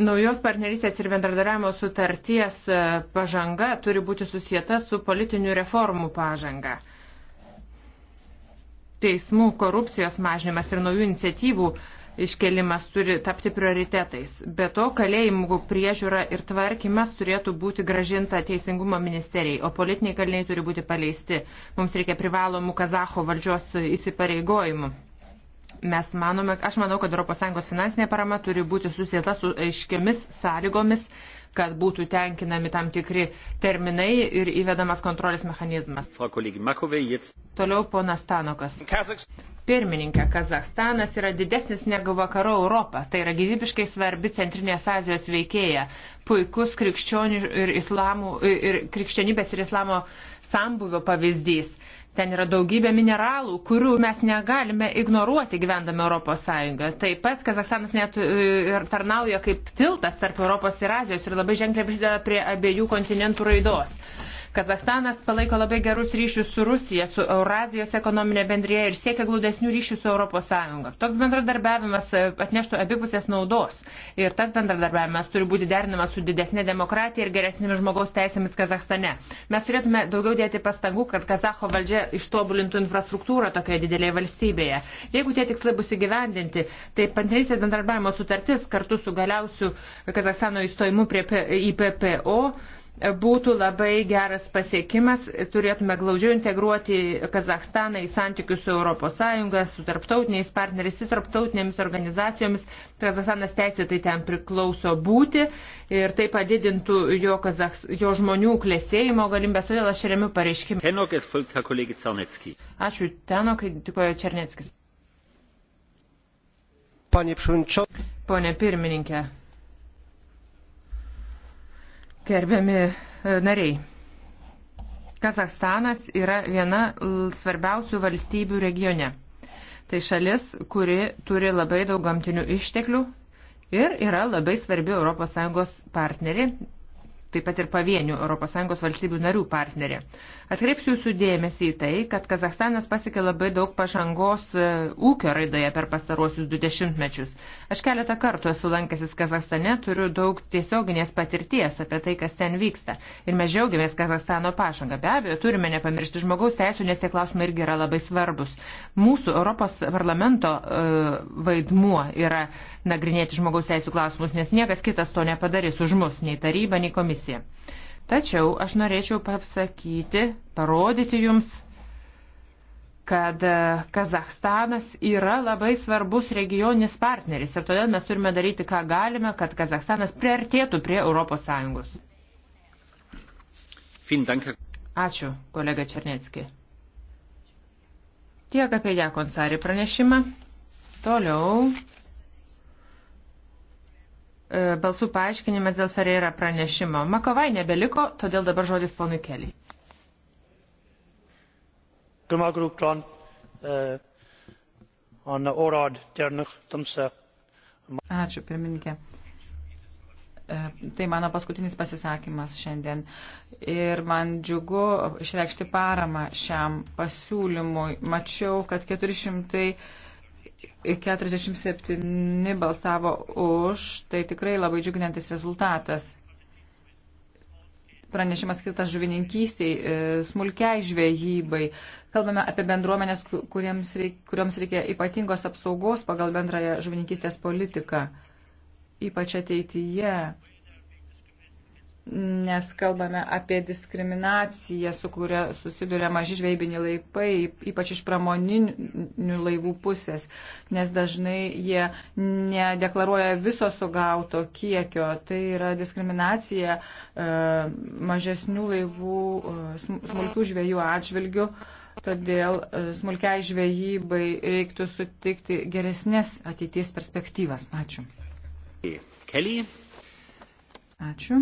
Naujos partnerystės ir bendradarbiavimo sutarties e, pažanga turi būti susijęta su politinių reformų pažanga. Teismų korupcijos mažinimas ir naujų iniciatyvų iškelimas turi tapti prioritetais. Be to, kalėjimų priežiūra ir tvarkymas turėtų būti gražinta Teisingumo ministerijai, o politiniai kaliniai turi būti paleisti. Mums reikia privalomų Kazacho valdžios įsipareigojimų. Mes manome, aš manau, kad ES finansinė parama turi būti susieta su aiškiamis sąlygomis kad būtų tenkinami tam tikri terminai ir įvedamas kontrolės mechanizmas. Toliau ponas Tanokas. Pirmininkė, Kazahstanas yra didesnis negu vakarų Europa. Tai yra gyvybiškai svarbi Centrinės Azijos veikėja. Puikus krikščionių ir, islamų, ir krikščionybės ir islamo sambuvio pavyzdys Ten yra daugybė mineralų, kurių mes negalime ignoruoti gyvendami Europos Sąjungoje. Taip pat Kazakstanas net e, ir tarnauja kaip tiltas tarp Europos ir Azijos ir labai ženkliai prisideda prie abiejų kontinentų raidos. Kazahstanas palaiko labai gerus ryšius su Rusija, su Eurazijos ekonominė bendrėje ir siekia glaudesnių ryšių su ES. Toks bendradarbiavimas e, atneštų abipusės naudos ir tas bendradarbiavimas turi būti derinamas su didesnė demokratija ir geresnėmis žmogaus teisėmis Kazahstane. Mes turėtume daugiau dėti pastangų, kad Kazacho valdžia ištobulintų infrastruktūrą tokioje didelėje valstybėje. Jeigu tie tikslai bus įgyvendinti, tai partnerystės bendradarbiavimo sutartis kartu su galiausiu Kazahstano įstojimu prie IPPO būtų labai geras pasiekimas. Turėtume glaudžiau integruoti Kazahstaną į santykius su ES, su tarptautiniais partneriais, su tarptautinėmis organizacijomis. Kazahstanas teisėtai ten priklauso būti ir tai padidintų jo, Kazachs, jo žmonių klėsėjimo galimybės. Todėl aš remiu pareiškimą. Ačiū, Tenokai, tikojo Černeckis. Pone pirmininkė gerbiami e, nariai. Kazakstanas yra viena svarbiausių valstybių regione. Tai šalis, kuri turi labai daug gamtinių išteklių ir yra labai svarbi ES partneri taip pat ir pavienių ES valstybių narių partnerė. Atkreipsiu jūsų dėmesį į tai, kad Kazakstanas pasiekė labai daug pažangos e, ūkio raidoje per pastaruosius du dešimtmečius. Aš keletą kartų esu lankęsis Kazakstane, turiu daug tiesioginės patirties apie tai, kas ten vyksta. Ir mes džiaugiamės Kazakstano pažangą. Be abejo, turime nepamiršti žmogaus teisų, nes tie klausimai irgi yra labai svarbus. Mūsų Europos parlamento uh, vaidmuo yra nagrinėti žmogaus teisų klausimus, nes niekas kitas to nepadarys už mus, nei taryba, nei komisija baigėsi. Tačiau aš norėčiau pasakyti, parodyti jums, kad e, Kazahstanas yra labai svarbus regioninis partneris ir todėl mes turime daryti, ką galime, kad Kazahstanas priartėtų prie ES. Ačiū, kolega Černetski. Tiek apie ją konsarį pranešimą. Toliau E, balsų paaiškinimas dėl Ferreira pranešimo. Makovai nebeliko, todėl dabar žodis ponui Keliai. E, Ačiū, pirmininkė. E, tai mano paskutinis pasisakymas šiandien. Ir man džiugu išreikšti paramą šiam pasiūlymui. Mačiau, kad 400 47 balsavo už, tai tikrai labai džiuginantis rezultatas. Pranešimas skirtas žuvininkystiai, e, smulkiai žvejybai. Kalbame apie bendruomenės, kuriems reikia, kurioms reikia ypatingos apsaugos pagal bendrąją žuvininkystės politiką, ypač ateityje nes kalbame apie diskriminaciją, su kuria susiduria maži žvejybiniai laipai, ypač iš pramoninių laivų pusės, nes dažnai jie nedeklaruoja viso sugauto kiekio. Tai yra diskriminacija e, mažesnių laivų, e, smulkių žvejų atžvilgių. Todėl e, smulkiai žvejybai reiktų sutikti geresnės ateities perspektyvas. Ačiū. Kelly. Ačiū.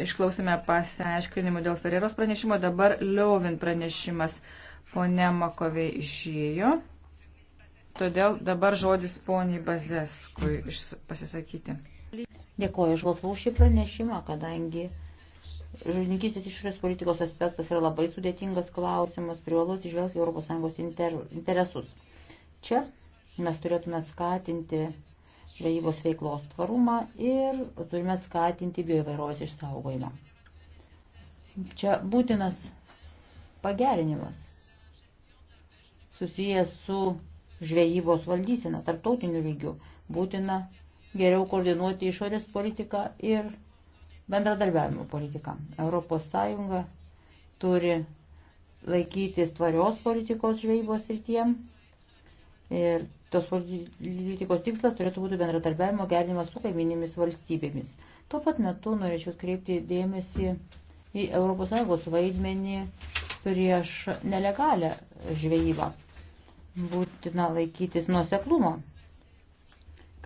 išklausėme pasiaiškinimų dėl Ferreros pranešimo, dabar Liovin pranešimas. Pone Makovė išėjo, todėl dabar žodis poniai Bazeskui pasisakyti. Dėkoju, aš balsavau šį pranešimą, kadangi žuvininkystės išorės politikos aspektas yra labai sudėtingas klausimas, privalu atsižvelgti ES inter, interesus. Čia mes turėtume skatinti žvejybos veiklos tvarumą ir turime skatinti bioįvairovės išsaugojimą. Čia būtinas pagerinimas susijęs su žvejybos valdysena tarptautiniu lygiu. Būtina geriau koordinuoti išorės politiką ir bendradarbiavimo politiką. Europos Sąjunga turi laikytis tvarios politikos žvejybos rytiem ir Tos politikos tikslas turėtų būti bendradarbiavimo gerinimas su kaiminimis valstybėmis. Tuo pat metu norėčiau kreipti dėmesį į ES vaidmenį prieš nelegalę žvejybą. Būtina laikytis nuoseklumo,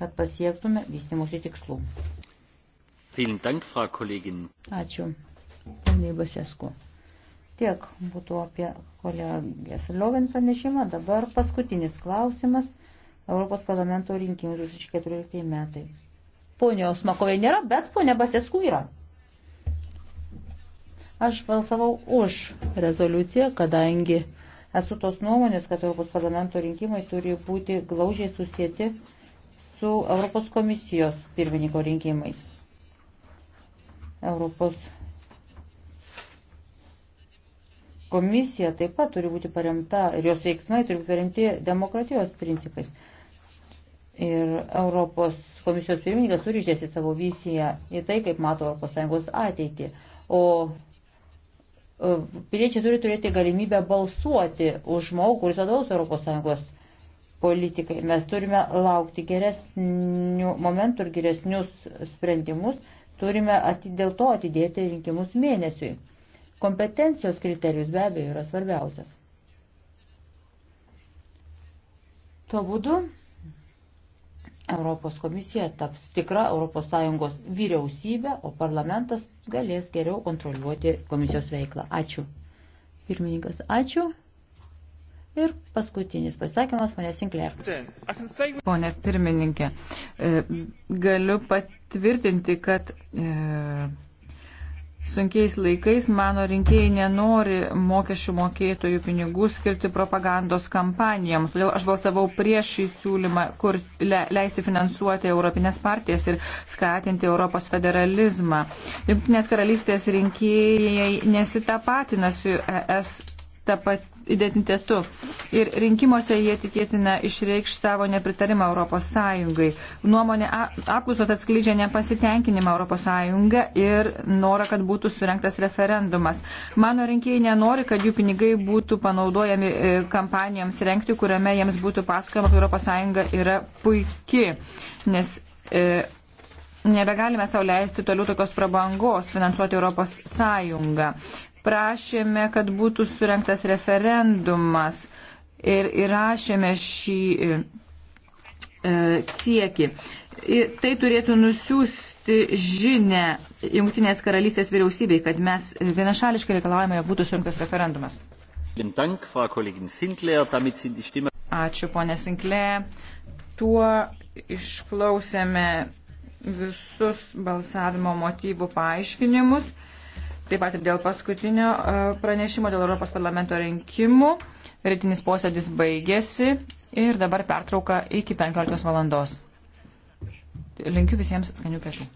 kad pasiektume vystimosi tikslų. Dank, Ačiū. Ponai Basesku. Tiek būtų apie kolegės Liovin pranešimą. Dabar paskutinis klausimas. Europos parlamento rinkimus 2014 metai. Ponios Makovai nėra, bet ponia Basėskų yra. Aš balsavau už rezoliuciją, kadangi esu tos nuomonės, kad Europos parlamento rinkimai turi būti glaužiai susijęti su Europos komisijos pirmininko rinkimais. Europos komisija taip pat turi būti paremta ir jos veiksmai turi būti paremti demokratijos principais. Ir Europos komisijos pirmininkas turi išdėsti savo viziją į tai, kaip mato ES ateitį. O e, piliečiai turi turėti galimybę balsuoti už žmogų, kuris vadovaus ES politikai. Mes turime laukti geresnių momentų ir geresnius sprendimus. Turime atid, dėl to atidėti rinkimus mėnesiui. Kompetencijos kriterijus be abejo yra svarbiausias. Tuo būdu Europos komisija taps tikra ES vyriausybė, o parlamentas galės geriau kontroliuoti komisijos veiklą. Ačiū. Pirmininkas, ačiū. Ir paskutinis pasakymas, ponė Sinclair. Pone pirmininkė, e, galiu patvirtinti, kad e, sunkiais laikais mano rinkėjai nenori mokesčių mokėtojų pinigų skirti propagandos kampanijoms. Todėl aš balsavau prieš šį siūlymą, kur le, leisti finansuoti Europinės partijas ir skatinti Europos federalizmą. Junktinės karalystės rinkėjai nesitapatina su ES tapat, identitetu. Ir rinkimuose jie tikėtina išreikš savo nepritarimą Europos Sąjungai. Nuomonė apklausos atskleidžia nepasitenkinimą Europos Sąjunga ir norą, kad būtų surinktas referendumas. Mano rinkėjai nenori, kad jų pinigai būtų panaudojami e, kampanijoms renkti, kuriame jiems būtų pasakojama, kad Europos Sąjunga yra puiki. Nes, e, Nebegalime sauliaisti toliau tokios prabangos finansuoti Europos Sąjungą prašėme, kad būtų surinktas referendumas ir įrašėme šį e, e siekį. Ir tai turėtų nusiųsti žinę Junktinės karalystės vyriausybei, kad mes vienašališkai reikalavome, jog būtų surinktas referendumas. Ačiū, ponė Sinklė. Tuo išklausėme visus balsavimo motyvų paaiškinimus. Taip pat ir dėl paskutinio e, pranešimo dėl Europos parlamento rinkimų. Rytinis posėdis baigėsi ir dabar pertrauka iki 15 valandos. Linkiu visiems skanių pietų.